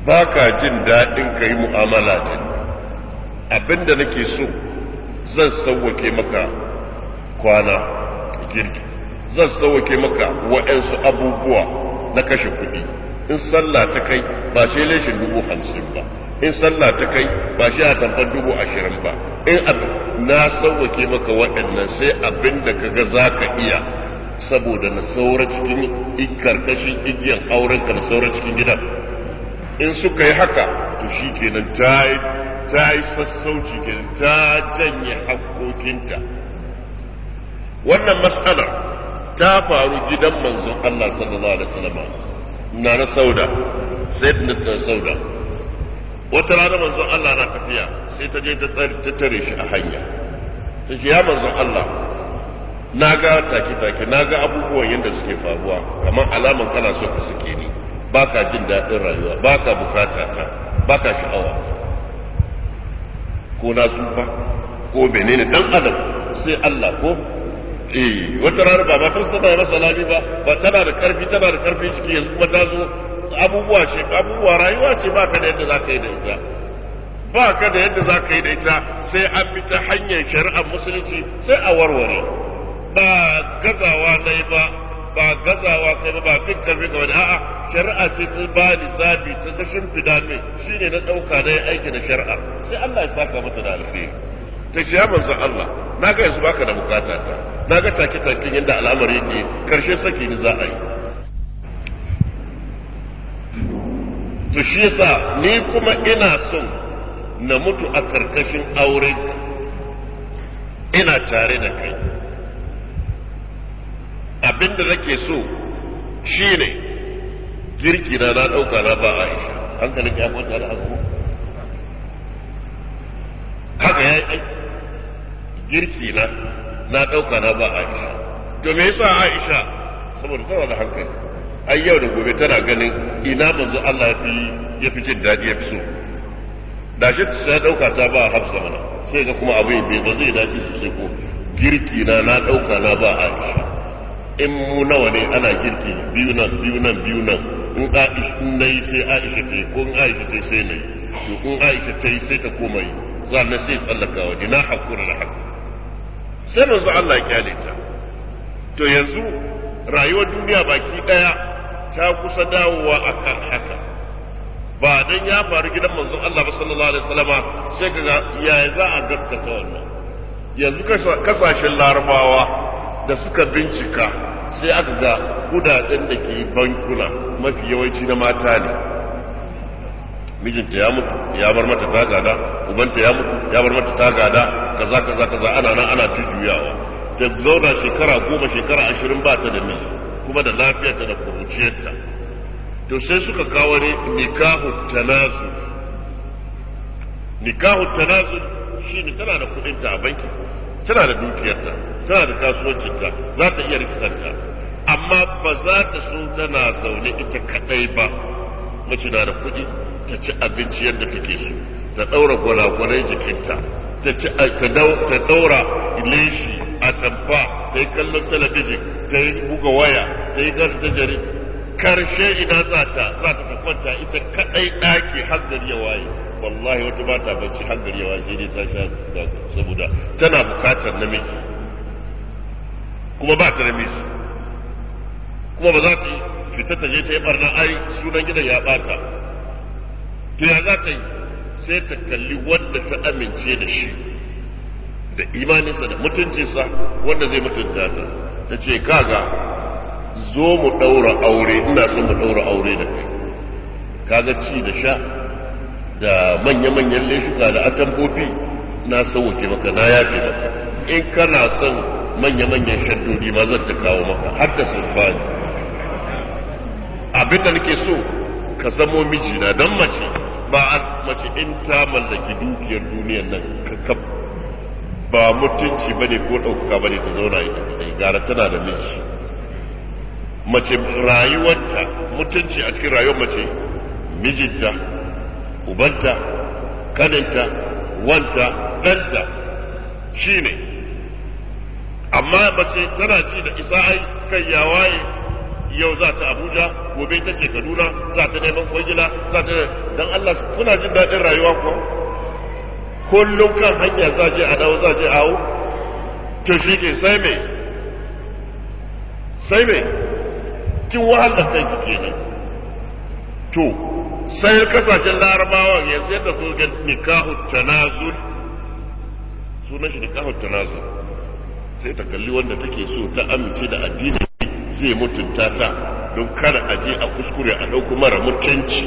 Speaker 1: baka jin daɗin ka yi mu'amala da abinda nake so zan sauwake maka kwana girki zan sauwake maka wa'yansu abubuwa na kashe kuɗi in sallah ta kai ba shi leshin dubu hamsin ba in sallah ta kai ba shi a tamfar dubu ashirin ba in abu na sauwake maka waɗannan sai abin da ka ga za ka iya saboda na saura cikin karkashin igiyar aurenka na saura cikin gidan in suka yi haka to shi kenan ta yi sassauci kenan ta janye hakkokinta wannan matsalar ta faru gidan manzon Allah sallallahu alaihi wasallam na na sauda sai na sauda wata rana manzon Allah na tafiya sai ta je ta tare shi a hanya ta ce ya manzon Allah na ga take-take na ga abubuwan yadda suke faruwa kamar alaman kana so ka suke ni ba ka jin daɗin rayuwa ba ka bukata ta ba ka sha'awa ko na tsufa ko menene dan adam sai Allah ko eh wata rana ba matar tana rasa lami ba ba tana da karfi tana da karfin ciki yanzu kuma ta zo abubuwa ce abubuwa rayuwa ce ba ka da yadda za ka yi da ita ba ka da yadda za ka yi da ita sai an bi ta hanyar shari'ar musulunci sai a warware ba gazawa na ba ba gazawa kai ba ba fin karfi ka wani a'a shari'a ce ta ba ni zabi ta sashin fida min shine na ɗauka na aiki da shari'a sai Allah ya saka mata da alheri ta shi ya Allah na ga yanzu baka da bukata ta na ga take take yadda al'amar yake karshe saki ni za a yi to shi yasa ni kuma ina son na mutu a karkashin aure ina tare da kai abinda nake so shine girki na na dauka na ba Aisha hankalin ya kwanta da haka haka yi girki na na ɗauka na ba Aisha to me yasa Aisha saboda tana da hankali ai yau da gobe tana ganin ina manzo Allah ya fi ya fi jin daɗi ya fi so da shi ta ɗauka ta ba Hafsa mana sai ga kuma abin bai ba zai dace sosai ko girki na na ɗauka na ba Aisha in mu nawa ne ana girki biyu nan biyu nan biyu nan in Aisha na yi sai Aisha ta yi ko in Aisha ta yi sai na yi to in Aisha ta yi sai ta koma yi na sai tsallakawa? Ina na hakura da hakura sai manzo Allah ya kyale ta to yanzu rayuwar duniya baki daya ta kusa dawowa akan haka ba dan ya faru gidan manzon Allah ba sallallahu alaihi wasallama sai kaga yaya za a gaskata wannan yanzu kasashen larabawa da suka bincika sai aka ga kudaden da ke bankuna mafi yawanci na mata ne mijinta ya mutu ya bar mata ta gada ubanta ya mutu ya bar mata ta gada kaza kaza kaza ana nan ana juyawa da zauna shekara goma shekara ashirin ba ta da ni. kuma da lafiyarta da kuruciyarta to sai suka kawo ne nikahu tanazu nikahu tanazu shi ne tana da kudinta a banki tana da dukiyarta tana da kasuwancinta za ta iya ta. amma ba za ta so tana zaune ita kadai ba mace na da kuɗi ta ci abinci yadda take so ta ɗaura gwalagwalai jikinta ta daura leshi a tabba ta yi kallon talabijin ta yi buga waya ta yi da jari karshe ina za ta za ta fi kwanta ita kadai daki hanzari ya waye wallahi wata ba ta bacci hanzari ya waye sai dai ta sha saboda tana bukatar namiji kuma ba ta namiji kuma ba za ta fita ta je ta yi barna ai sunan gidan ya bata to ya za ta yi sai ta kalli wanda ta amince da shi da imaninsa da mutuncinsa wanda zai mutunta ta ta ce kaga zo mu ɗaura aure ina son mu ɗaura aure da kai kaga ci da sha da manya-manyan laifuka da atambobi na sauke maka na yafe maka in kana son manya-manyan shaddodi ma zan ta kawo maka har da sulfani abin da nake so ka zamo mijina don mace Ba a mace in ta mallaki dukiyar duniyar nan kakab ba mutunci ba ne ko ɗaukaka ne ta zauna ita kadai gara tana da miji mace rayuwarta mutunci a cikin rayuwar mace mijinta ubanta kaninta wanta ɗanta shine amma mace tana ci da isa kai ya waye yau za ta abuja gobe ta ce kaduna za ta neman kwangila za ta don allah kuna jin daɗin rayuwa ko kullum kan hanya za je a dawo za je awo to shi ke sai me sai me kin kai ki kanki kenan to sai kasashen larabawa yanzu yadda su ga nikahu tanazul sunan shi nikahu tanazul sai ta kalli wanda take so ta amince da addini zai mutunta ta don kada a je a kuskure a ɗauko mara mutunci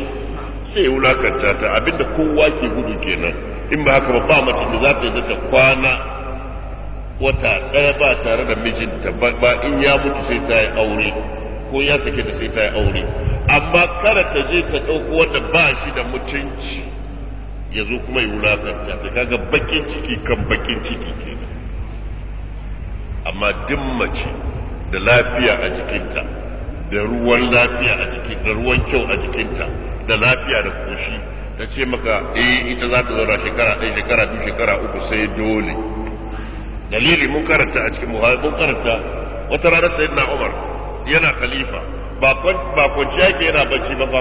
Speaker 1: sai wulakanta ta abinda kowa ke gudu kenan in ba haka ba ba mace da za ta yi ta kwana wata ɗaya ba tare da mijinta ba in ya mutu sai ta yi aure ko ya sake da sai ta yi aure amma kada ta je ta ɗauko wanda ba shi da mutunci ya zo kuma yi wulakanta ta kaga bakin ciki kan bakin ciki kenan amma duk mace da lafiya a jikinta da ruwan lafiya a jikin da ruwan kyau a jikinta da lafiya da koshi ta ce maka eh ita za ta zauna shekara ɗaya shekara biyu shekara uku sai dole dalili mun karanta a cikin muhawar mun karanta wata ranar na umar yana khalifa ba kwanci yake yana bacci ba ba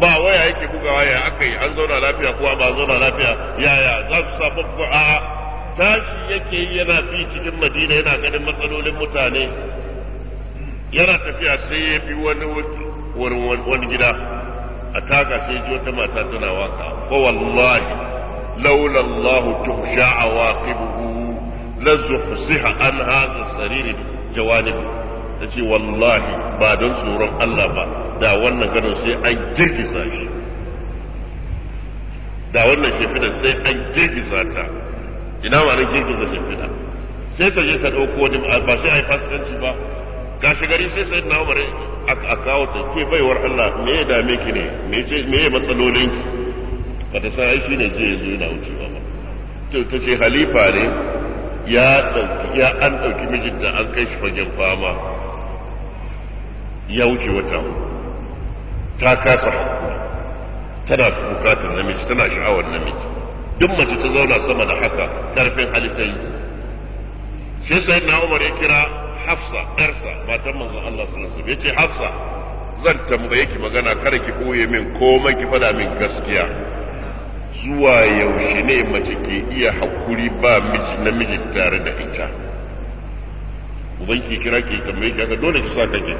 Speaker 1: ba waya yake bugawa ya aka yi an zauna lafiya ko ba zauna lafiya yaya za su sa babba a'a tashi yake yi yana fi cikin madina yana ganin matsalolin mutane yana tafiya sai ya fi wani wani gida a taka sai ji wata mata tana waka fa wallahi laula a tuhsha awaqibuhu la zuhsiha an hadha sarir jawanib tace wallahi ba don tsoron Allah ba da wannan gadon sai an girgiza shi da wannan shefina sai an girgiza ta ina ma ran kirkin da shimfiɗa sai ka je ka ɗauko wani ba sai a yi fasikanci ba gashi gari sai sai na umar a kawo ta ke baiwar Allah me ya dame ki ne me ce me ya matsalolin ki ba ta sai shi ne je zo yana wuce ba to ta ce halifa ne ya dauki ya an dauki mijinta an kai shi fagen fama ya wuce wata ta kasa tana bukatar namiji tana sha'awar namiji duk mace ta zauna sama da haka karfin halitta yi shi sai na umar ya kira hafsa ɗarsa matan manzon Allah sallallahu alaihi ce hafsa zan tambaye ki magana kada ki koye min komai ki fada min gaskiya zuwa yaushe ne mace ke iya hakuri ba miji namiji tare da ita uban ki kira ki tambaye ki haka dole ki sa kake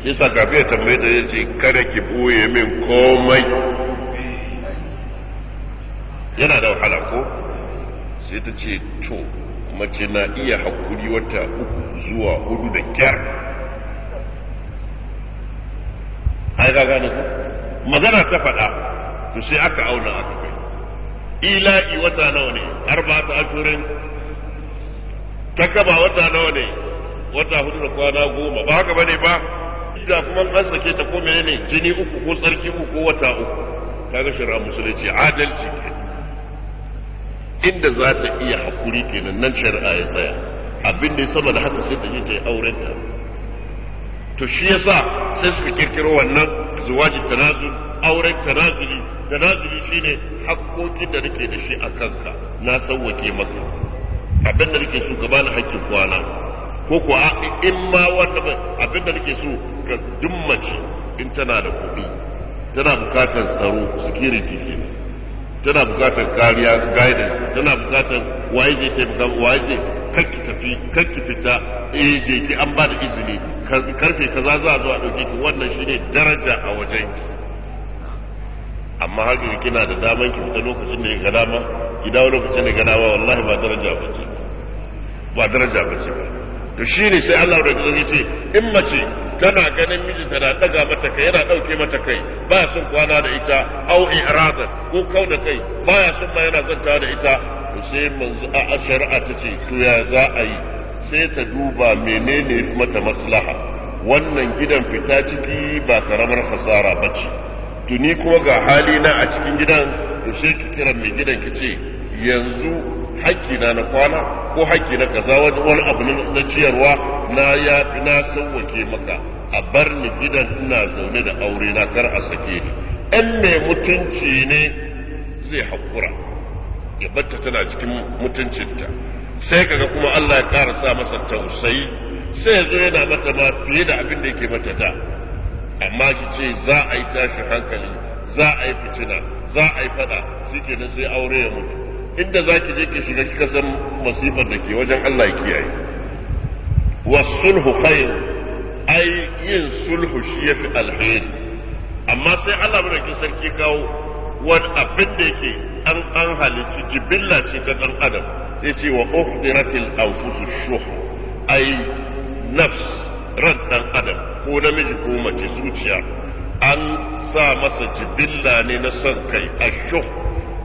Speaker 1: ki yasa kafin ya tambaye ta yace kada ki boye min komai yana da wahala ko sai ta ce to mace na iya haƙuri wata uku zuwa hudu da kyar ai ga gane ku magana ta faɗa to sai aka auna aka kai ila'i wata nawa ne ba ta ashirin takaba wata nawa ne wata hudu da kwana goma ba haka bane ba da kuma an sake ta ko menene jini uku ko tsarki uku ko wata uku kaga shari'a musulunci adalci kenan inda za ta iya haƙuri kenan nan shari'a ya tsaya abin da saboda haka sai ta je ta yi aurenta to shi yasa sai su kirkiro wannan zuwaji tanazu auren tanazuli tanazuli shine haƙƙoƙin da nake da shi a kanka na sauwake maka abin da nake so gaba na haƙƙin kwana ko ko in ma wanda abin da nake so ga dummace in tana da kuɗi tana bukatar tsaro security kenan tana bukatar kariya guidance tana bukatar waye je taimaka waye je kakki tafi kakki fita eh je ki an ba da izini karfe kaza za a zo a dauke ki wannan shine daraja a wajen ki amma haka kina da daman ki fita lokacin da ga dama ki dawo lokacin da ga dama wallahi ba daraja ba ce ba daraja ba ce ba to ne sai Allah da ya ce in mace tana ganin mijinta na daga mata kai yana dauke mata kai baya son kwana da ita au irada ko da kai ba ya son ma yana zanta da ita to sai manzo a shari'a ta ce to ya za a yi sai ta duba menene mata maslaha wannan gidan fita ciki ba karamar fasara bace tuni kuma ga hali na a cikin gidan to sai ki kira mai gidan ki ce yanzu haƙƙina na kwana ko haƙƙi na kaza wani abu na ciyarwa na ya na sauwake maka a bar ni gidan ina zaune da aure na kar a sake ni ɗan mai mutunci ne zai haƙura ya batta tana cikin mutuncinta sai kaga kuma Allah ya ƙara sa masa tausayi sai yazo yana mata ma fiye da abin da yake mata da amma ki ce za a yi tashin hankali za a yi fitina za a yi fada shikenan sai aure ya mutu inda za ki je ki shiga kika san masifar da ke wajen Allah ya kiyaye wasulhu khair ai yin sulhu shi ya fi alheri amma sai Allah ki sarki kawo wani abin da yake an an halici jibilla ce ta dan adam yace wa ukhdiratil anfusu shuh ai nafs ran dan adam ko namiji ko mace zuciya an sa masa jibilla ne na san kai ashuh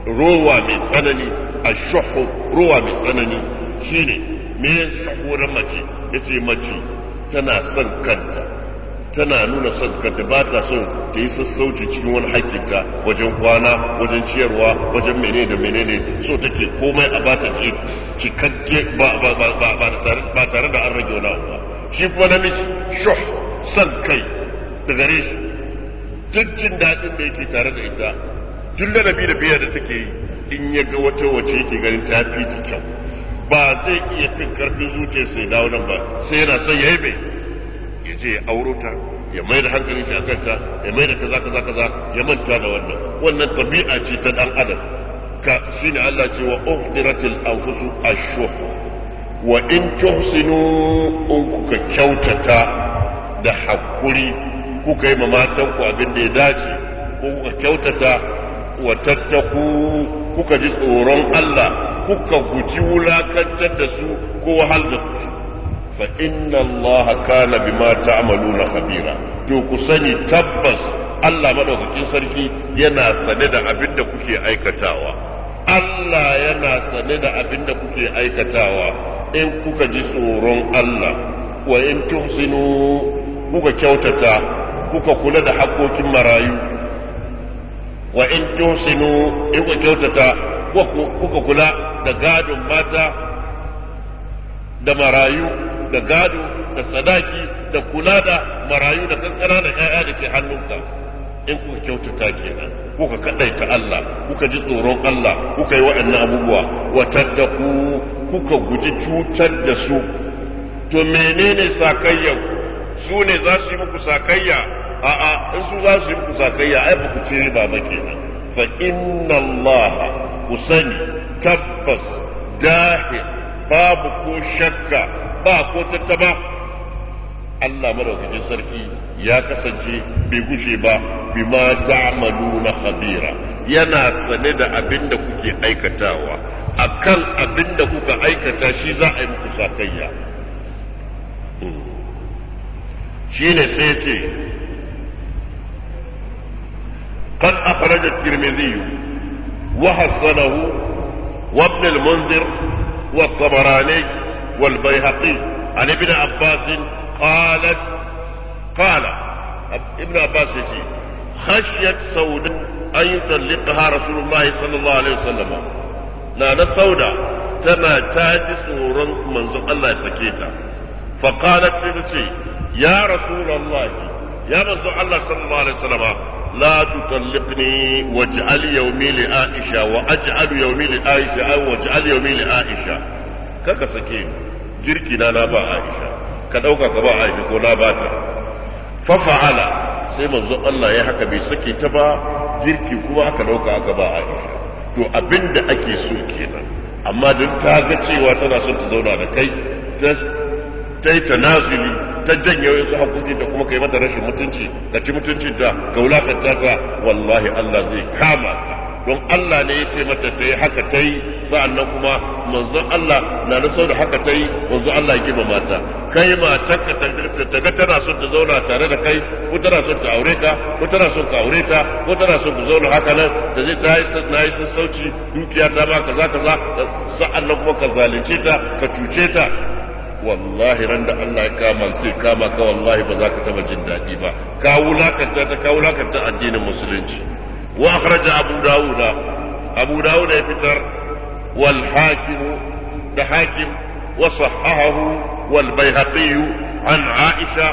Speaker 1: ruwa mai tsanani a shahu ruwa mai tsanani shine me shahuran mace ce mace tana son kanta tana nuna son kanta ba ta so ta yi sassauci cikin wani hakika wajen kwana wajen ciyarwa wajen menene da menene so take komai a ba ta cikakke ba ba tare da an rage wani abu ba shi kuma namiji shuh son kai da gare shi duk daɗin da yake tare da ita duk ladabi da biya da take yi in ya ga wata wace yake ganin ta fi ta kyau ba zai iya fin karfin zuciya sai dawo nan ba sai yana son ya yi ya je ya auro ta ya mai da hankali shi akan ta ya mai da kaza kaza kaza ya manta da wannan wannan tabi'a ce ta dan adam ka shine Allah ce wa uhdiratil anfusu ashuh wa in tuhsinu in kuka kyautata da hakuri kuka yi mamatan ku abin da ya dace ko kuka kyautata wa tattaku kuka ji tsoron Allah kuka guji wulakantar da su ko wahal da su fa inna Allah kana bima ta'maluna khabira to ku sani tabbas Allah madaukakin sarki yana sane da abin da kuke aikatawa Allah yana sane da abin da kuke aikatawa in kuka ji tsoron Allah wa in tuhsinu kuka kyautata kuka kula da haƙƙoƙin marayu wa in tusinu in ku kyautata kuka kula da gadon mata da marayu da gado da sadaki da kula da marayu da kankana da 'ya'ya da ke hannunka in kuka kyautata kenan kuka kadaita Allah kuka ji tsoron Allah kuka yi waɗannan abubuwa wa ku, kuka guji cutar da su to menene sakayya su ne za su yi muku sakayya a'a in su za su yi muku sakayya ai ba ku ci riba ba nan fa inna Allah ku sani tabbas dahi, babu ko shakka ba ko tattaba Allah madaukakin sarki ya kasance bai gushe ba bima na khabira yana sane da abin da kuke aikatawa akan abin da kuka aikata shi za a yi muku sakayya hmm. shi ne sai ce قد أخرج الترمذي وحصنه وابن المنذر والطبراني والبيهقي عن ابن عباس قالت قال ابن عباس خشيت سودة أن يطلقها رسول الله صلى الله عليه وسلم نانا سودة تنا تاج سورا منذ الله سكيتا فقالت سيدتي يا رسول الله يا منذ الله صلى الله عليه وسلم لا تطلقني واجعل يومي لعائشة واجعل يومي لعائشة واجعل يومي لعائشة كك سكين جركي لا با عائشة كدوكا كبا عائشة كولا باتا ففعل sai manzon Allah ya haka bai sake ta ba jirki kuma aka dauka aka ba Aisha to abin da ake so kenan amma don ta ga cewa tana son ta zauna da kai ta yi tanazuli ta janye wasu haƙoƙi da kuma kai mata rashin mutunci da ci mutunci da ka wulakanta ta wallahi Allah zai kama don Allah ne ya ce mata ta yi haka ta yi sa'annan kuma manzon Allah na da sau da haka ta yi manzon Allah ya girma mata kai ma ta ga tana son ta zauna tare da kai ko tana son ta aure ka ko tana son ka aure ta ko tana son ku zauna haka nan ta zai ta yi na yi sassauci dukiya ta ba kaza kaza sa'annan kuma ka zalunce ta ka cuce ta wallahi ran da Allah ya kama zai kama ka wallahi ba za ka taba jin daɗi ba ka wulakanta ta ka wulakanta addinin musulunci wa akhraja abu dawuda abu dawuda ya fitar wal hakim da hakim wa sahahahu wal baihaqi an aisha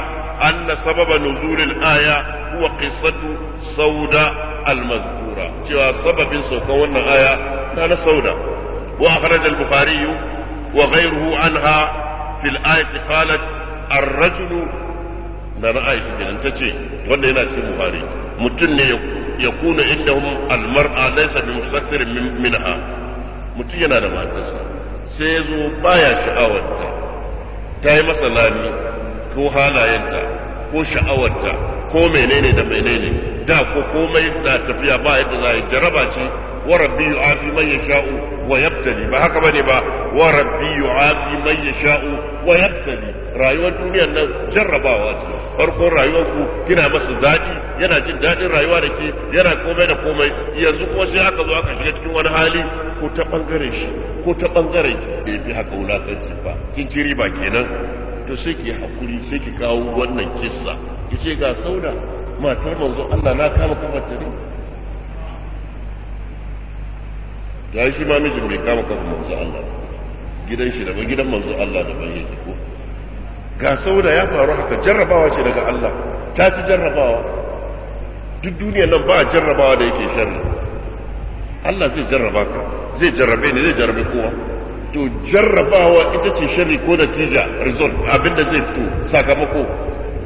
Speaker 1: anna sababa nuzul al aya huwa qissatu sauda al mazkura cewa sababin saukan wannan aya na na sauda al bukhari anha fil ayati qalat ar-rajulu da na Aisha kenan tace wanda yana cikin Buhari mutum ne ya kuna inda al-mar'a laysa bi mustakthir mutum yana da matarsa sai yazo baya sha'awarta ta yi masa lami ko halayenta ko sha'awarta ko menene da menene da ko komai na tafiya ba yadda za yi jaraba ce wa rabbi yu'ati man yasha'u wa yabtali ba haka bane ba wa rabbi yu'ati man yasha'u wa yabtali rayuwar duniyar nan jarrabawa ce farkon rayuwar ku kina masa daɗi yana jin daɗin rayuwa da ke yana komai da komai yanzu kuma sai aka zo aka shiga cikin wani hali ko ta bangaren shi ko ta bangare ki bai fi haka wulakanci ba kin kiri riba kenan to sai ki hakuri sai ki kawo wannan kissa ki ce ga sauda matar manzo Allah na kama kafa tare da shi ma mijin bai kama kafin manzo Allah gidan shi da ba gidan manzo Allah da bai yake ko ga sauda ya faru haka jarrabawa ce daga Allah ta ci jarrabawa duk duniya nan ba jarrabawa da yake sharri Allah zai jarraba ka zai jarrabe ne zai jarrabe kowa to jarrabawa ita ce sharri ko natija result abinda zai fito sakamako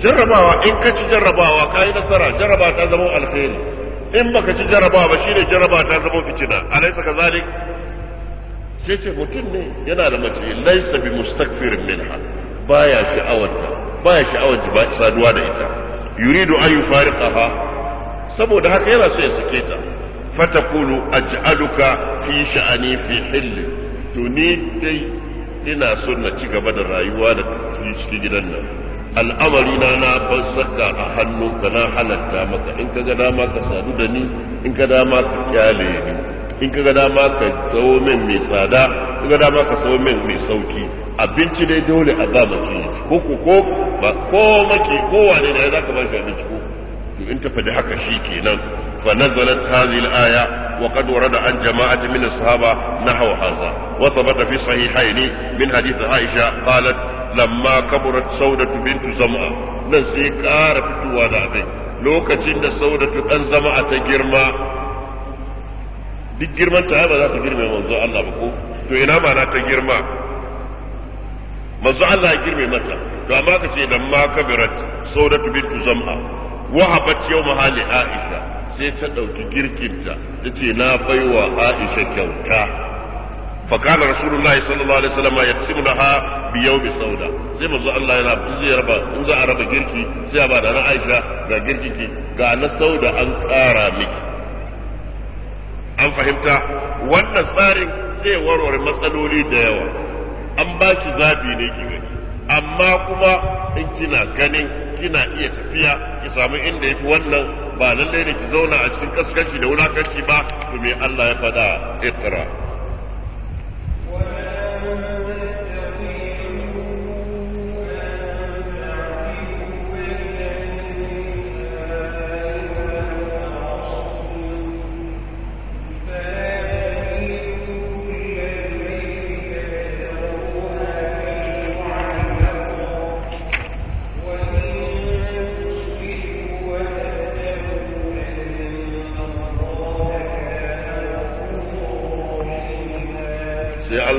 Speaker 1: jarrabawa in ka ci jarrabawa kai nasara jarraba ta zama alkhairi in baka ci jaraba ba shine jaraba ta zama fitina alaysa kazalik sai ce mutum ne yana da mace laysa bi mustakfirin minha baya sha'awarta baya sha'awar saduwa da ita yuridu an yufariqaha saboda haka yana so ya sake ta fatakulu aj'aluka fi sha'ani fi hilli to ni dai ina so na ci gaba da rayuwa da cikin gidan nan al'amari na na saka a ka na halatta maka in ka ga dama ka sadu da ni in ka dama ka kyale ni in ka ga dama ka tsawo min mai tsada in ka dama ka tsawo min mai sauki abinci dai dole a ba maki ko ko ko ba ko maki ko wane ne zaka ba shi abinci ko in ta faɗi haka shi kenan فنزلت هذه الآية وقد ورد عن جماعة من الصحابة نحو هذا وثبت في صحيحين من حديث عائشة قالت لما كبرت سودة بنت زمعة نزيك آرفت ونابي lokacin da saudatu ɗan zama a ta girma duk girman ta ba za ta girme manzo Allah ba ko to ina ma na ta girma manzo Allah ya girme mata to amma ka ce dan kabirat bintu zam'a aisha sai ta ɗauki girkinta ta ce na baiwa aisha kyauta fakalar rasulullahi sallallahu alaihi wasallam ya tsimu na ha biyau bi sauda sai manzo Allah yana zai raba in za a raba girki sai a ba da na aisha ga girki ga na sauda an ƙara miki an fahimta wannan tsarin zai warware matsaloli da yawa an ba ki zabi ne ki amma kuma in kina ganin kina iya tafiya ki samu inda yafi wannan ba dai ne ki zauna a cikin kaskanci da wulakanci ba to me Allah ya faɗa ikra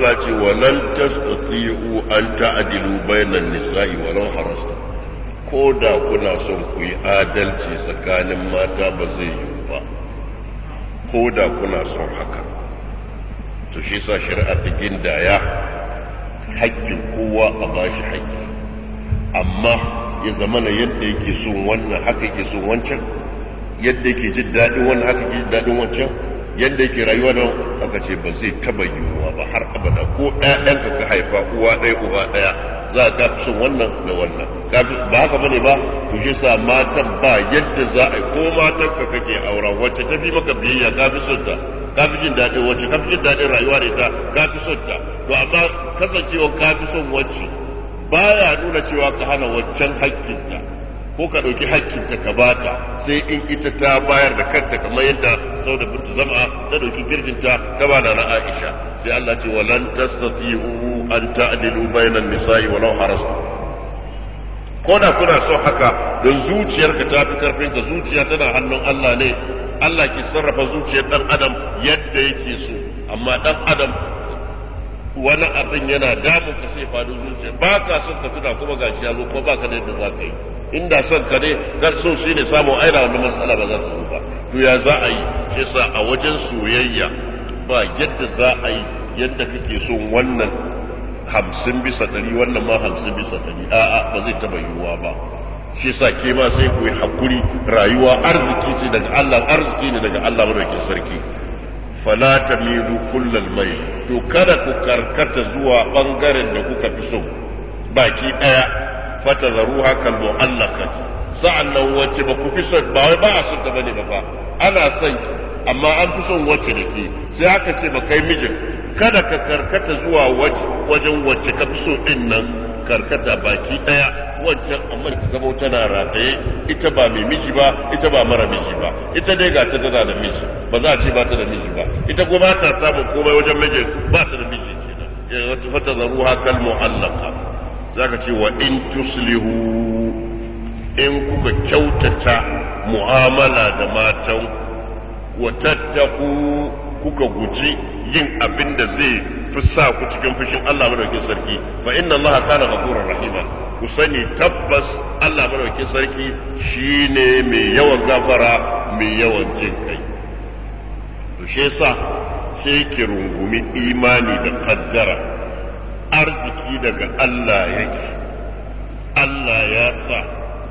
Speaker 1: Allah ce wa lan tastati'u an ta'dilu bainan nisa'i wa lan harasta ko da kuna son ku yi adalci tsakanin mata ba zai yi ba ko da kuna son haka to shi sa shari'a ta gindaya haƙƙin kowa a ba shi haƙƙi amma ya zama na yadda yake son wannan haka yake son wancan yadda yake jin daɗin wannan haka yake jin daɗin wancan yadda yake rayuwa da aka ce ba zai taba yiwuwa ba har abada ko ɗayan ka haifa uwa ɗaya uwa ɗaya za ka fi son wannan da wannan ba haka bane ba to shi sa matan ba yadda za a yi ko matan ka kake auren wacce ta fi maka biyayya ka fi son ta ka fi jin daɗin wacce ka fi jin daɗin rayuwa da ita ka fi son ta to amma kasancewa ka fi son wacce baya nuna cewa ka hana waccan haƙƙinta ko ka ɗauki hakkinta ka bata sai in ita ta bayar da kanta kamar yadda sau da burtu zama ta ɗauki girginta ta ba na Aisha sai Allah ce walan tastati'u an ta'dilu bainan nisa'i walau harasu ko da kuna so haka don zuciyarka ta fi karfin ka zuciya tana hannun Allah ne Allah ke sarrafa zuciyar dan adam yadda yake so amma dan adam wani abin yana damun ka sai faɗin zuciya ba ka son ka tuna kuma gashi ya zo ko ba ka da yadda za ka yi inda son ka ne dan so shi ne samu aira wannan matsala ba za ta zo ba to ya za a yi yasa a wajen soyayya ba yadda za a yi yadda kake son wannan hamsin bisa ɗari wannan ma hamsin bisa ɗari a'a ba zai taɓa yiwuwa ba shi sa ke ma sai ku yi hakuri rayuwa arziki ce daga Allah arziki ne daga Allah madaukakin sarki fala tamilu kullal mai to kada ku karkata zuwa bangaren da kuka fi so baki daya Allah kan sa'an nan wace ba ku fi son ba wai ba a son ta bane ba fa ana son ki amma an fi son wacce da ke sai aka ce ba kai mijin kada ka karkata zuwa wace wajen wace ka fi so din nan karkata baki daya wancan amma ki gabo tana rataye ita ba mai miji ba ita ba mara miji ba ita dai ga ta tana da miji ba za a ce ba ta da miji ba ita kuma ba ta samun komai wajen mijin ba ta da miji kenan ya eh, fata zaruha Allah mu'allaqa zaka ce wa in tuslihu in kuka kyautata mu'amala da matan wa tattaku kuka guji yin abin da zai fi sa ku cikin fushin Allah madaukakin sarki fa inna Allah kana ghafurur rahima ku sani tabbas Allah madaukakin sarki shine mai yawan gafara mai yawan jin kai to sai ki rungumi imani da kaddara arziki daga Allah yake Allah ya sa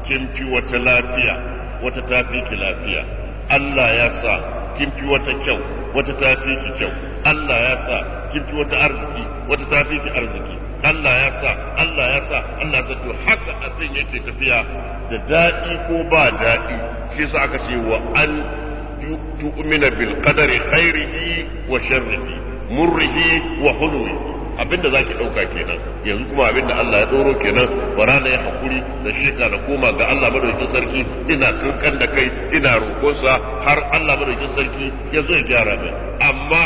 Speaker 1: kin fi wata lafiya wata tafi ki lafiya Allah ya sa kin fi wata kyau wata tafi ki kyau Allah ya sa kin fi wata arziki wata tafi ki arziki Allah ya sa Allah ya sa Allah ya sa haka a abin yake tafiya da daɗi ko ba daɗi shi yasa aka ce wa an tu'mina bil qadari khairihi wa sharrihi murrihi wa hulwihi abinda zaki ɗauka kenan yanzu kuma abinda Allah ya doro kenan bara na ya hakuri da sheka da koma ga Allah madaukin sarki ina kankan da kai ina roƙonsa har Allah madaukin sarki ya zo ya gyara min amma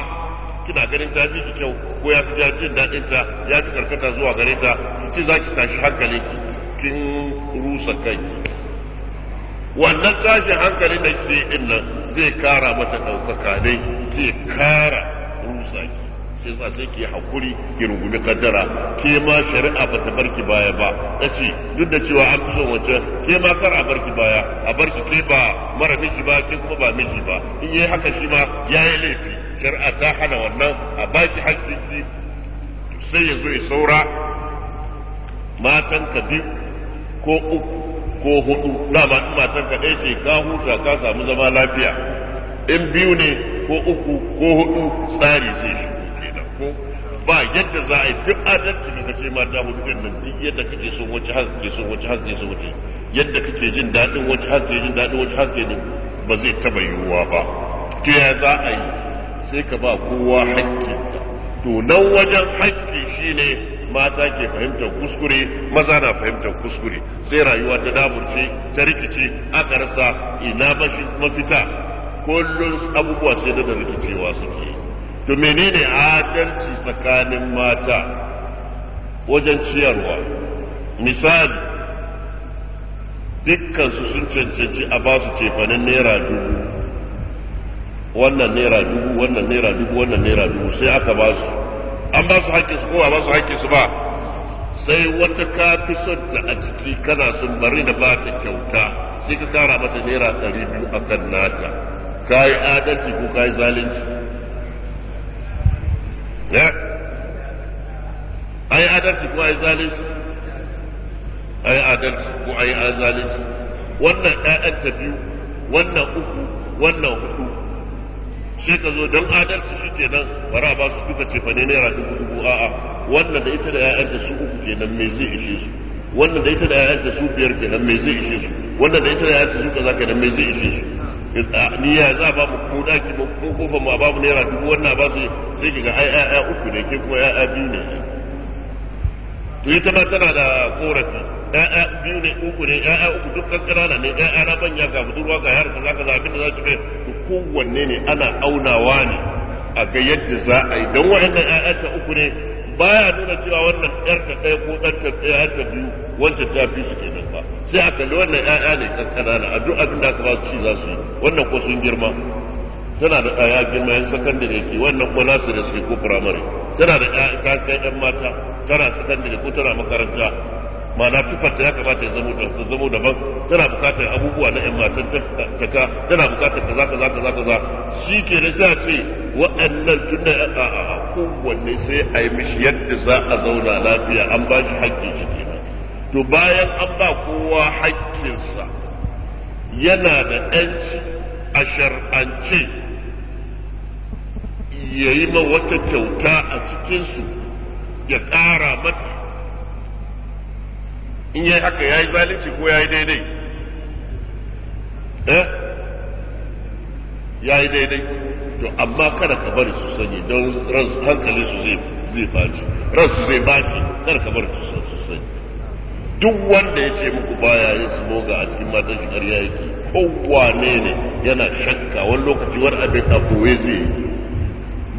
Speaker 1: kina ganin ta ji kyau ko ya fi jin daɗin ta ya fi karkata zuwa gare ta ki za ki tashi hankali kin rusa kai wannan tashi hankali da ke ɗin nan zai kara mata ɗaukaka dai zai kara rusa ki sai sa sai ke hakuri ki rungumi kaddara ke ma shari'a ba ta barki baya ba ce duk da cewa an kusa wace ke ma kar a barki baya a barki ke ba mara miji ba ke kuma ba miji ba in yi haka shi ma yi laifi shari'a ta hana wannan a baki hakki sai ya zo ya saura matan ka biyu ko uku ko hudu dama in matan ka ɗaya ce ka huta ka samu zama lafiya in biyu ne ko uku ko hudu tsari zai shi ko ba yadda za a yi duk adalci ne kace mata hudu din nan duk yadda kake so wace har kake so wace har kake so wace yadda kake jin dadin wace har kake jin dadin wace har kake ba zai taba yiwuwa ba to ya za a yi sai ka ba kowa hakki to nan wajen hakki shine mata ke fahimtar kuskure maza na fahimtar kuskure sai rayuwa ta daburce ta rikice aka rasa ina mafita kullum abubuwa sai da rikicewa suke yi to menene adalci tsakanin mata wajen ciyarwa misali dukkansu sun cancanci a ba su cefanen naira dubu wannan naira dubu wannan naira dubu wannan naira dubu sai aka ba su an ba su su ko ba su haƙƙi su ba sai wata ka fi son da a ciki kana sun bari da ba ta kyauta sai ka kara mata naira ɗari biyu a kan nata ka yi adalci ko ka yi zalunci ya ai adalci ko ai zalunci
Speaker 2: ai adalci ko ai zalunci
Speaker 1: wannan ƴaƴan ta biyu wannan uku wannan hudu sai ka zo don adalci shi ke nan bara ba su duka ce fane naira dubu dubu a'a wannan da ita da ƴaƴan ta su uku ke nan me zai ishe su wannan da ita da ƴaƴan ta su biyar ke nan me zai ishe su wannan da ita da ƴaƴan ta su kaza ke nan me zai ishe su niyya za a ba mu ko daki mu ko kofa mu ba mu naira dubu wannan ba su sai kiga ai ai uku ne ke kuma ai biyu ne to ita ma tana da korafi ai biyu ne uku ne ai uku duk da ne ai na banya ga budurwa ga yar kaza zaka zabi da za su kai kowanne ne ana aunawa ne a ga yadda za a yi don waɗannan ai ta uku ne baya nuna cewa wannan ɗarta ɗaya ko ɗan ta ɗaya ta biyu wancan ta fi su kenan ba sai a kalli wannan ƴaƴa ne kankana na a duk abin da aka ba su ci za su yi wannan ko sun girma tana da ɗaya girma yan sakandare ke wannan ko nasu da suke ko firamare tana da ta kai ɗan mata tana sakandare ko tana makaranta ma'ana tufarta ya kamata ya zamo ta zamo daban tana bukatar abubuwa na ƴan matan taka tana bukatar kaza kaza kaza kaza shi ke na sa ce waɗannan tun da a kowanne sai a yi mishi yadda za a zauna lafiya an ba shi hakki shi to bayan an ba kowa haƙƙinsa yana da ‘yanci a shar'ance ya yi ma wata kyauta a cikinsu ya ƙara mata in yi haka ya yi zalunci ko ya yi daidai eh ya yi daidai to amma kada ka bari su sani don hankali su zai baci ransu zai baci kada ka bari su sani duk wanda ya ce muku baya yin smoga a cikin matan shi ƙarya yake kowane ne yana shakka wani lokaci wani abin a kowe zai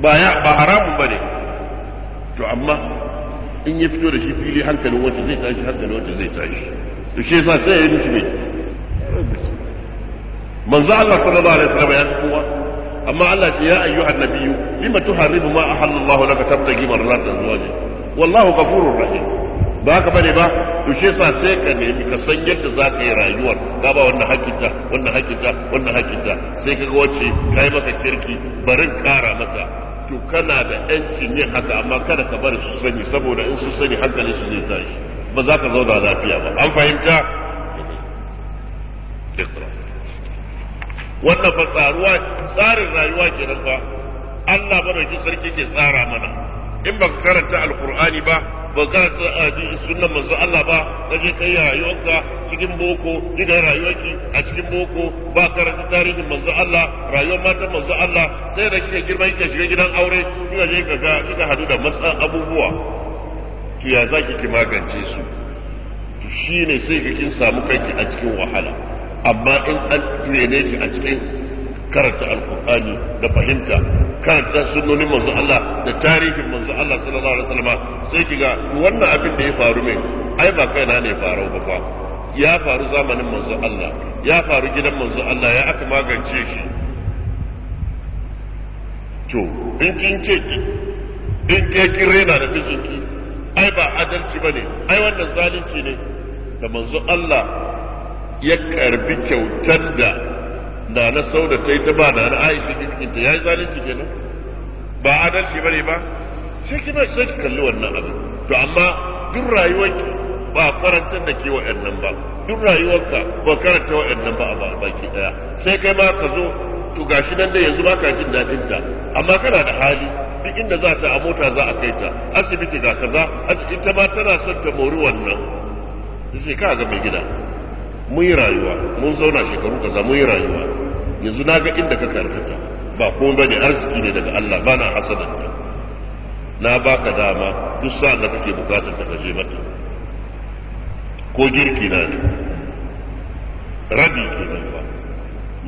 Speaker 1: ba ya ba haramun ba ne to amma in ya fito da shi fili hankalin wacce zai tashi hankalin wacce zai tashi to shi yasa sai ya yi mishi ne manzo Allah sallallahu alaihi wasallam ya kuwa amma Allah ya ayyu nabiyyu lima tuharribu ma ahallallahu laka tabtagi marratan zawji wallahu ghafurur rahim ba haka bane ba to shi yasa sai ka nemi ka san yadda za ka yi rayuwar ka ba wannan hakinta wannan hakinta wannan hakinta sai ka ga wacce ka yi maka kirki barin kara mata to kana da yancin yin haka amma kada ka bari su sani saboda in su sani hankalin su zai tashi ba za ka zauna lafiya ba an fahimta wannan fa tsaruwa tsarin rayuwa ke nan ba Allah madauki sarki ke tsara mana in ba ka karanta alkur'ani ba ba ka sunan manzo Allah ba ka je kai rayuwarka cikin boko kika rayuwarki a cikin boko ba ka karanta tarihin manzo Allah rayuwar matan manzo Allah sai da kike girma kike shiga gidan aure kika je ka ga kika hadu da matsan abubuwa to ya zaki ki magance su shine sai ka kin samu kanki a cikin wahala amma in an ne ki a cikin karanta alkur'ani da fahimta karanta sunnoni manzo Allah da tarihin manzo Allah sallallahu alaihi wasallam sai kiga wannan abin da ya faru mai ai ba kai na ne faru ba fa ya faru zamanin manzo Allah ya faru gidan manzo Allah ya aka magance shi to in kin ce in ke kin rena da mijinki ai ba adalci bane ai wannan zalunci ne da manzo Allah ya karbi kyautar da da na sau da ta yi ta ba da na aisha jirgin ta ya yi zalunci kenan ba adalci bane ba sai kina sai ki kalli wannan abu to amma duk rayuwar ki ba karanta da ke wa'annan ba duk rayuwar ka ba karanta wa'annan ba a baki daya sai kai ma ka zo to gashi nan da yanzu baka jin dadin ta amma kana da hali duk inda za ta a mota za a kai ta asibiti ga kaza asibiti ma tana son ta mori wannan sai ka ga mai gida mun yi rayuwa mun zauna shekaru kaza mun yi rayuwa yanzu na ga inda ka karkata ba ba ne arziki ne daga Allah bana hasadanta na baka dama duk sa'an da kake bukatar ka kaje mata ko girki na ne rabi kenan ba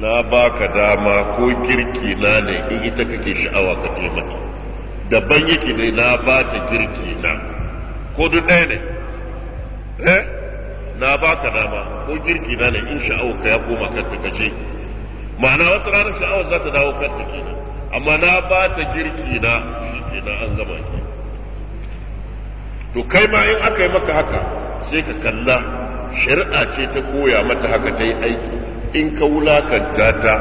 Speaker 1: na baka dama ko girki na ne in ita kake sha'awa ka je mata daban yake ne na ba ta girki na ko duk ɗaya ne eh na baka dama ko girki na ne in sha'awar ka ya koma kanta ka ce ma'ana wata ranar sha'awar za ta dawo kanta kenan amma na ba ta girki na shi kenan an gama ke. to kai ma in aka yi maka haka sai ka kalla shari'a ce ta koya mata haka ta yi aiki in ka wulakanta ta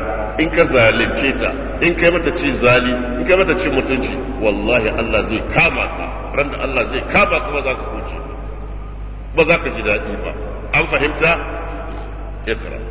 Speaker 1: in ka zalunce ta in kai mata ci zali in kai mata ci mutunci wallahi Allah zai kama ka ran da Allah zai kama ka ba za ka kuce ba za ka ji daɗi ba أو فهمت اقرأ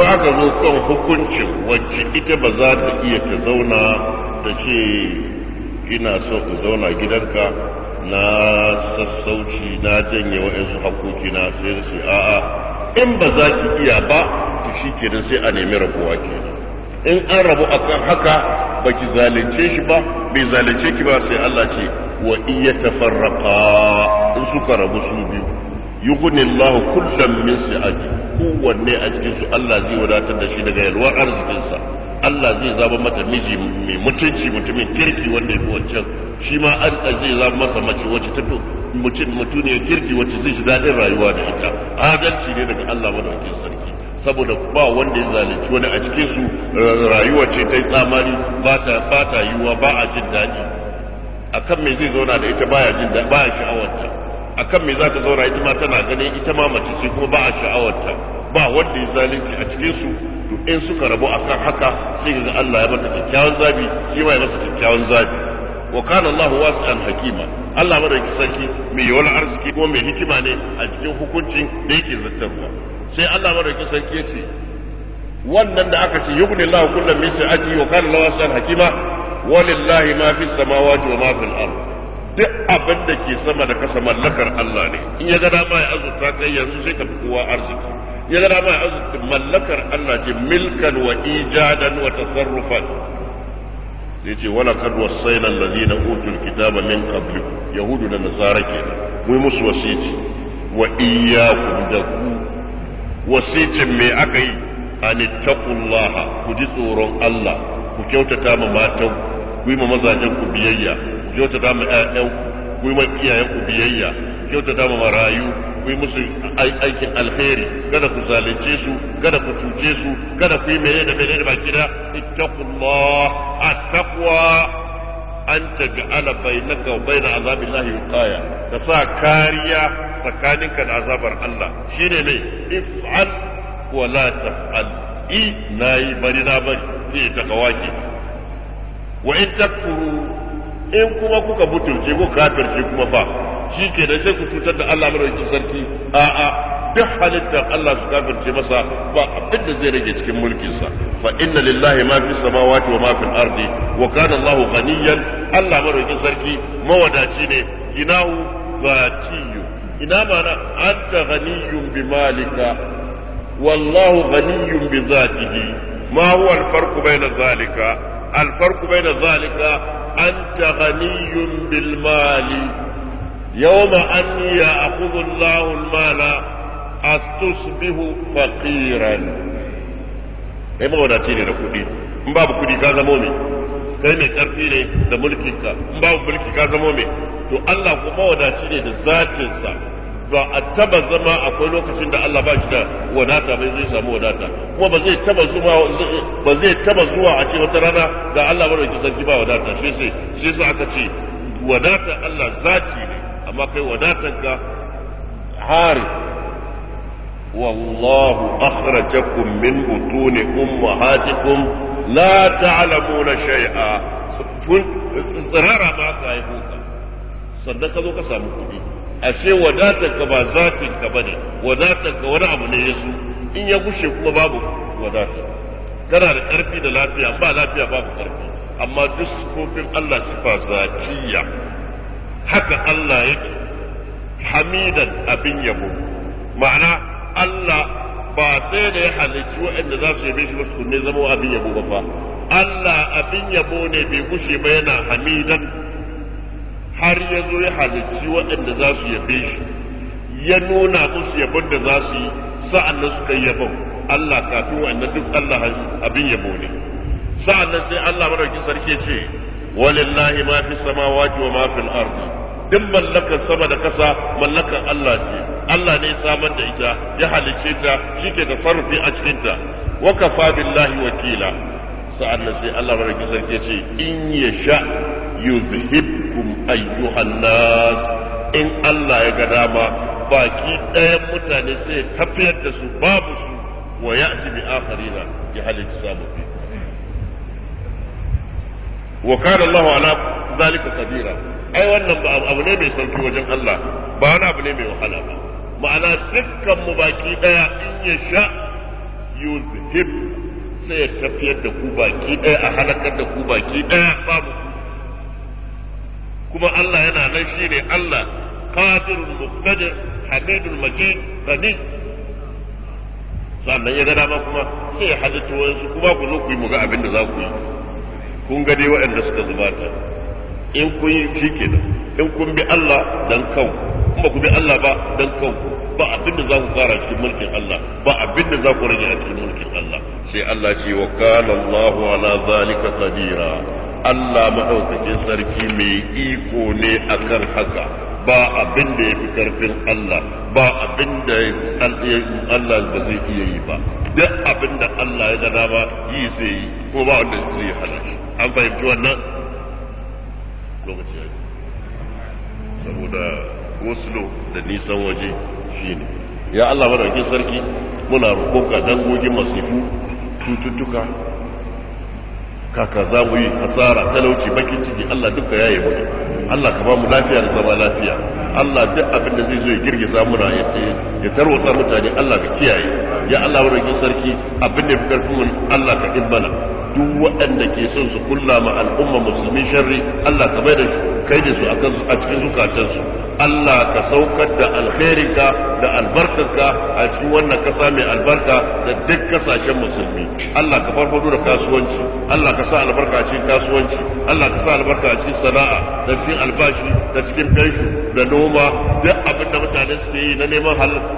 Speaker 1: kuma aka zo kan hukuncin wacce ita ba za ta iya ta zauna ta ce ina so ku zauna gidanka na sassauci na janye wa'yansu hakoki na sai da sai a'a in ba za ki iya ba to shi kenan sai a nemi rabuwa ke in an rabu a kan haka ba ki zalunce shi ba bai zalunce ki ba sai Allah ce wa iya tafarraka in suka rabu su biyu yi Allah kullum min sa'ati kowanne a cikin su Allah zai wadatar da shi daga yalwar arzikinsa Allah zai zaba mata miji mai mutunci mutumin kirki wanda ya wancan shi ma Allah zai zaba masa mace wacce ta mutum mutuniyar kirki wacce zai ji daɗin rayuwa da ita adalci ne daga Allah madaukakin sarki saboda ba wanda ya zalunci wani a cikin su rayuwa ce ta yi tsamari ba ta ba ta yiwuwa ba a jin daɗi akan me zai zauna da ita baya jin daɗi baya sha'awarta akan me za ta zauna ita ma tana ganin ita ma mace ce kuma ba a sha'awarta ba wanda ya zalunci a cikin su to in suka rabu akan haka sai ga Allah ya mata kyakkyawan zabi shi ma ya masa kyakkyawan zabi wa kana Allahu wasi'an hakima Allah madauki sarki mai yawan arziki ko mai hikima ne a cikin hukuncin da yake zartarwa sai Allah madauki sarki ya ce wannan da aka ce yubni Allahu kullum min sa'ati wa kana Allahu wasi'an hakima walillahi ma fi samawati wa ma fil ardh duk abin da ke sama da kasa mallakar Allah ne in ya gada ma ya azurta kai yanzu sai ka fi kowa arziki ya gada ma ya azurta mallakar Allah ce milkan wa ijadan wa tasarrufan sai ce wala kad wasaina allazina utul kitaba min qabl yahudu da nasara ke mu musu wasiti wa iyyakum da ku wasicin me aka yi Ani taqullaha ku ji tsoron Allah ku kyautata ma matan ku yi ma mazajen ku biyayya kyautata ma ɗaya ku yi ma iyayen ku biyayya kyautata ma marayu ku musu aikin alheri kada ku zalunce su kada ku cuce su kada ku yi mene da mene da baki da ittaqullah a taqwa an taj'ala bainaka wa azabin azabillahi wiqaya ka sa kariya tsakaninka da azabar Allah shine ne if'al wa la taf'al i nayi bari na bari ne daga wake wa in takfuru in kuma kuka butulce ko kafirce kuma fa shi ke da sai ku cutar da Allah madaukakin sarki a'a duk halitta Allah su kafirce masa ba abin da zai rage cikin mulkinsa fa inna lillahi ma fi samawati wa ma fil ardi wa kana Allahu ghaniyan Allah sarki mawadaci ne ginahu zatiyu ina mana anta ghaniyun bi malika wallahu ghaniyun bi zatihi ma huwa al-farqu bayna zalika الفرق بين ذلك أنت غني بالمال يوم أن يأخذ الله المال أستصبح فقيرا kai mawadaci ne da kuɗi in babu kuɗi ka zamo me kai mai ƙarfi ne da mulkinka in babu mulki ka zamo to Allah kuma mawadaci ne da zatinsa ba a taba zama akwai lokacin da Allah ba shi da wadata bai zai samu wadata kuma ba zai taba zuwa ba zai taba zuwa a ce wata rana ga Allah ba da sarki ba wadata shi sai shi sai aka ce wadata Allah zati ne amma kai wadatan ka hari wallahu akhrajakum min butuni ummahatikum la ta'lamuna shay'a kun tsirara ba ka yi sannan ka zo ka samu kuɗi A ce wadatanka ba zatin ka bane wadatanka wani abu ne yasu in ya gushe kuma babu wadatar kana da karfi da lafiya ba lafiya babu karfi amma duk sifofin Allah sifa zatiya haka Allah yake hamidan abin yabo ma'ana Allah ba sai da ya halicci waɗanda za su yabe shi ba tukunne zama abin yabo ba fa Allah abin yabo ne bai gushe ba yana hamidan har ya zo ya halicci waɗanda za su yabe shi ya nuna musu yabon da za su yi sa'an nan su kai yabon Allah kafin na duk Allah abin yabo ne sa'an na sai Allah madaukin sarki ce walillahi ma fi samawati wa ma fil ardi duk mallakar sama da kasa mallakar Allah ce Allah ne samar da ita ya halicce ta shike tasarrufi a cikin ta wa kafa billahi wakila sa'an na sai Allah madaukin sarki ce in yasha yuzhibkum ayyuhan nas in Allah ya ga dama baki ɗayan mutane sai tafiyar da su babu su wa ya'ti bi akharina ya halitta sababbi wa kana Allah ala zalika qadira ai wannan ba abu ne mai sauki wajen Allah ba wani abu ne mai wahala ba ma'ana dukkan mu baki ɗaya in ya sha yuzhib sai ya tafiyar da ku baki ɗaya a halakar da ku baki ɗaya babu kuma Allah yana nan shine Allah qadirul muqtadir hamidul majid bani sannan ya ga kuma sai ya wasu kuma ku zo ku yi mu ga abin da za ku yi kun gade dai waɗanda suka zubata in kun yi shi kenan in kun bi Allah dan kanku kuma ku bi Allah ba dan kanku ba abin da za ku fara cikin mulkin Allah ba abin da za ku rage a cikin mulkin Allah sai Allah ce wa kana Allahu ala zalika qadira Allah mahaukacin sarki mai iko ne a kan haka ba abin da ya fi karfin Allah ba abin da Allah ba zai iya yi ba duk abin da Allah ya gada ba yi sai yi ko ba wanda zai halashi an fahimci wannan lokaci ya saboda Oslo da nisan waje ne ya Allah mahaukacin sarki muna roƙonka dangogin masifu tututtuka kaka za mu yi asara talauci bakin ciki Allah duka yi mu Allah ka ba mu lafiya da zama lafiya Allah duk abin da zai zo ya girgiza muna ya ya tarwata mutane Allah ka kiyaye ya Allah wurin sarki abin da karfin mu Allah ka dibbana duk waɗanda ke son su kulla ma al'umma musulmi sharri Allah ka bai da shi kai da su a cikin zukatansu Allah ka saukar da alkhairinka da albarkarka a cikin wannan kasa mai albarka da duk kasashen musulmi Allah ka farfado da kasuwanci Allah ka sa albarka a cikin kasuwanci Allah ka sa albarka a cikin sana'a da cikin albashi da cikin danshi da noma duk abin da mutane suke yi na neman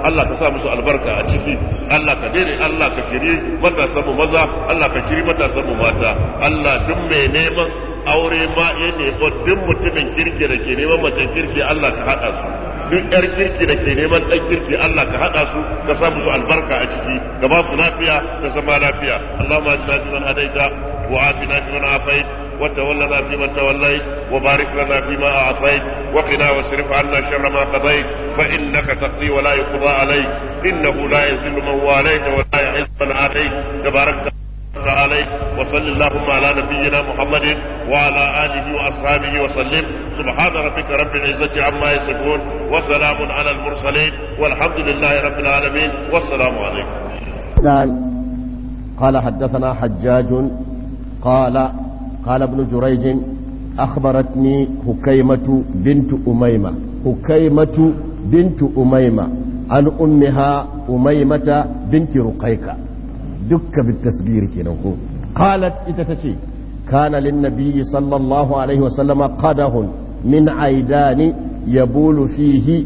Speaker 1: Allah ka sa musu albarka a ciki Allah ka daidai Allah ka kiri matasan mu maza Allah ka kiri matasan mu mata Allah duk mai neman aure ma ya nemo duk mutumin kirki da ke neman mace kirki Allah ka haɗa su duk yar kirki da ke neman ɗan kirki Allah ka haɗa su ka sa musu albarka a ciki ka ba su lafiya da zama lafiya Allah ma ji na man hadaita wa afina fi man afait وتولنا فيما توليت وبارك لنا فيما أعطيت وقنا واصرف عنا شر ما قضيت فإنك تقضي ولا يقضى عليك إنه لا يذل من واليت ولا يعز من عليك تبارك عليك وصل اللهم على نبينا محمد وعلى آله وأصحابه وسلم سبحان ربك رب العزة عما يصفون وسلام على المرسلين والحمد لله رب العالمين والسلام عليكم قال حدثنا حجاج قال قال ابن جريج أخبرتني هكيمة بنت أميمة هكيمة بنت أميمة عن أمها أميمة بنت رقيقة دك بالتسجير كنوكو قالت إتتشي كان للنبي صلى الله عليه وسلم قده من عيدان يبول فيه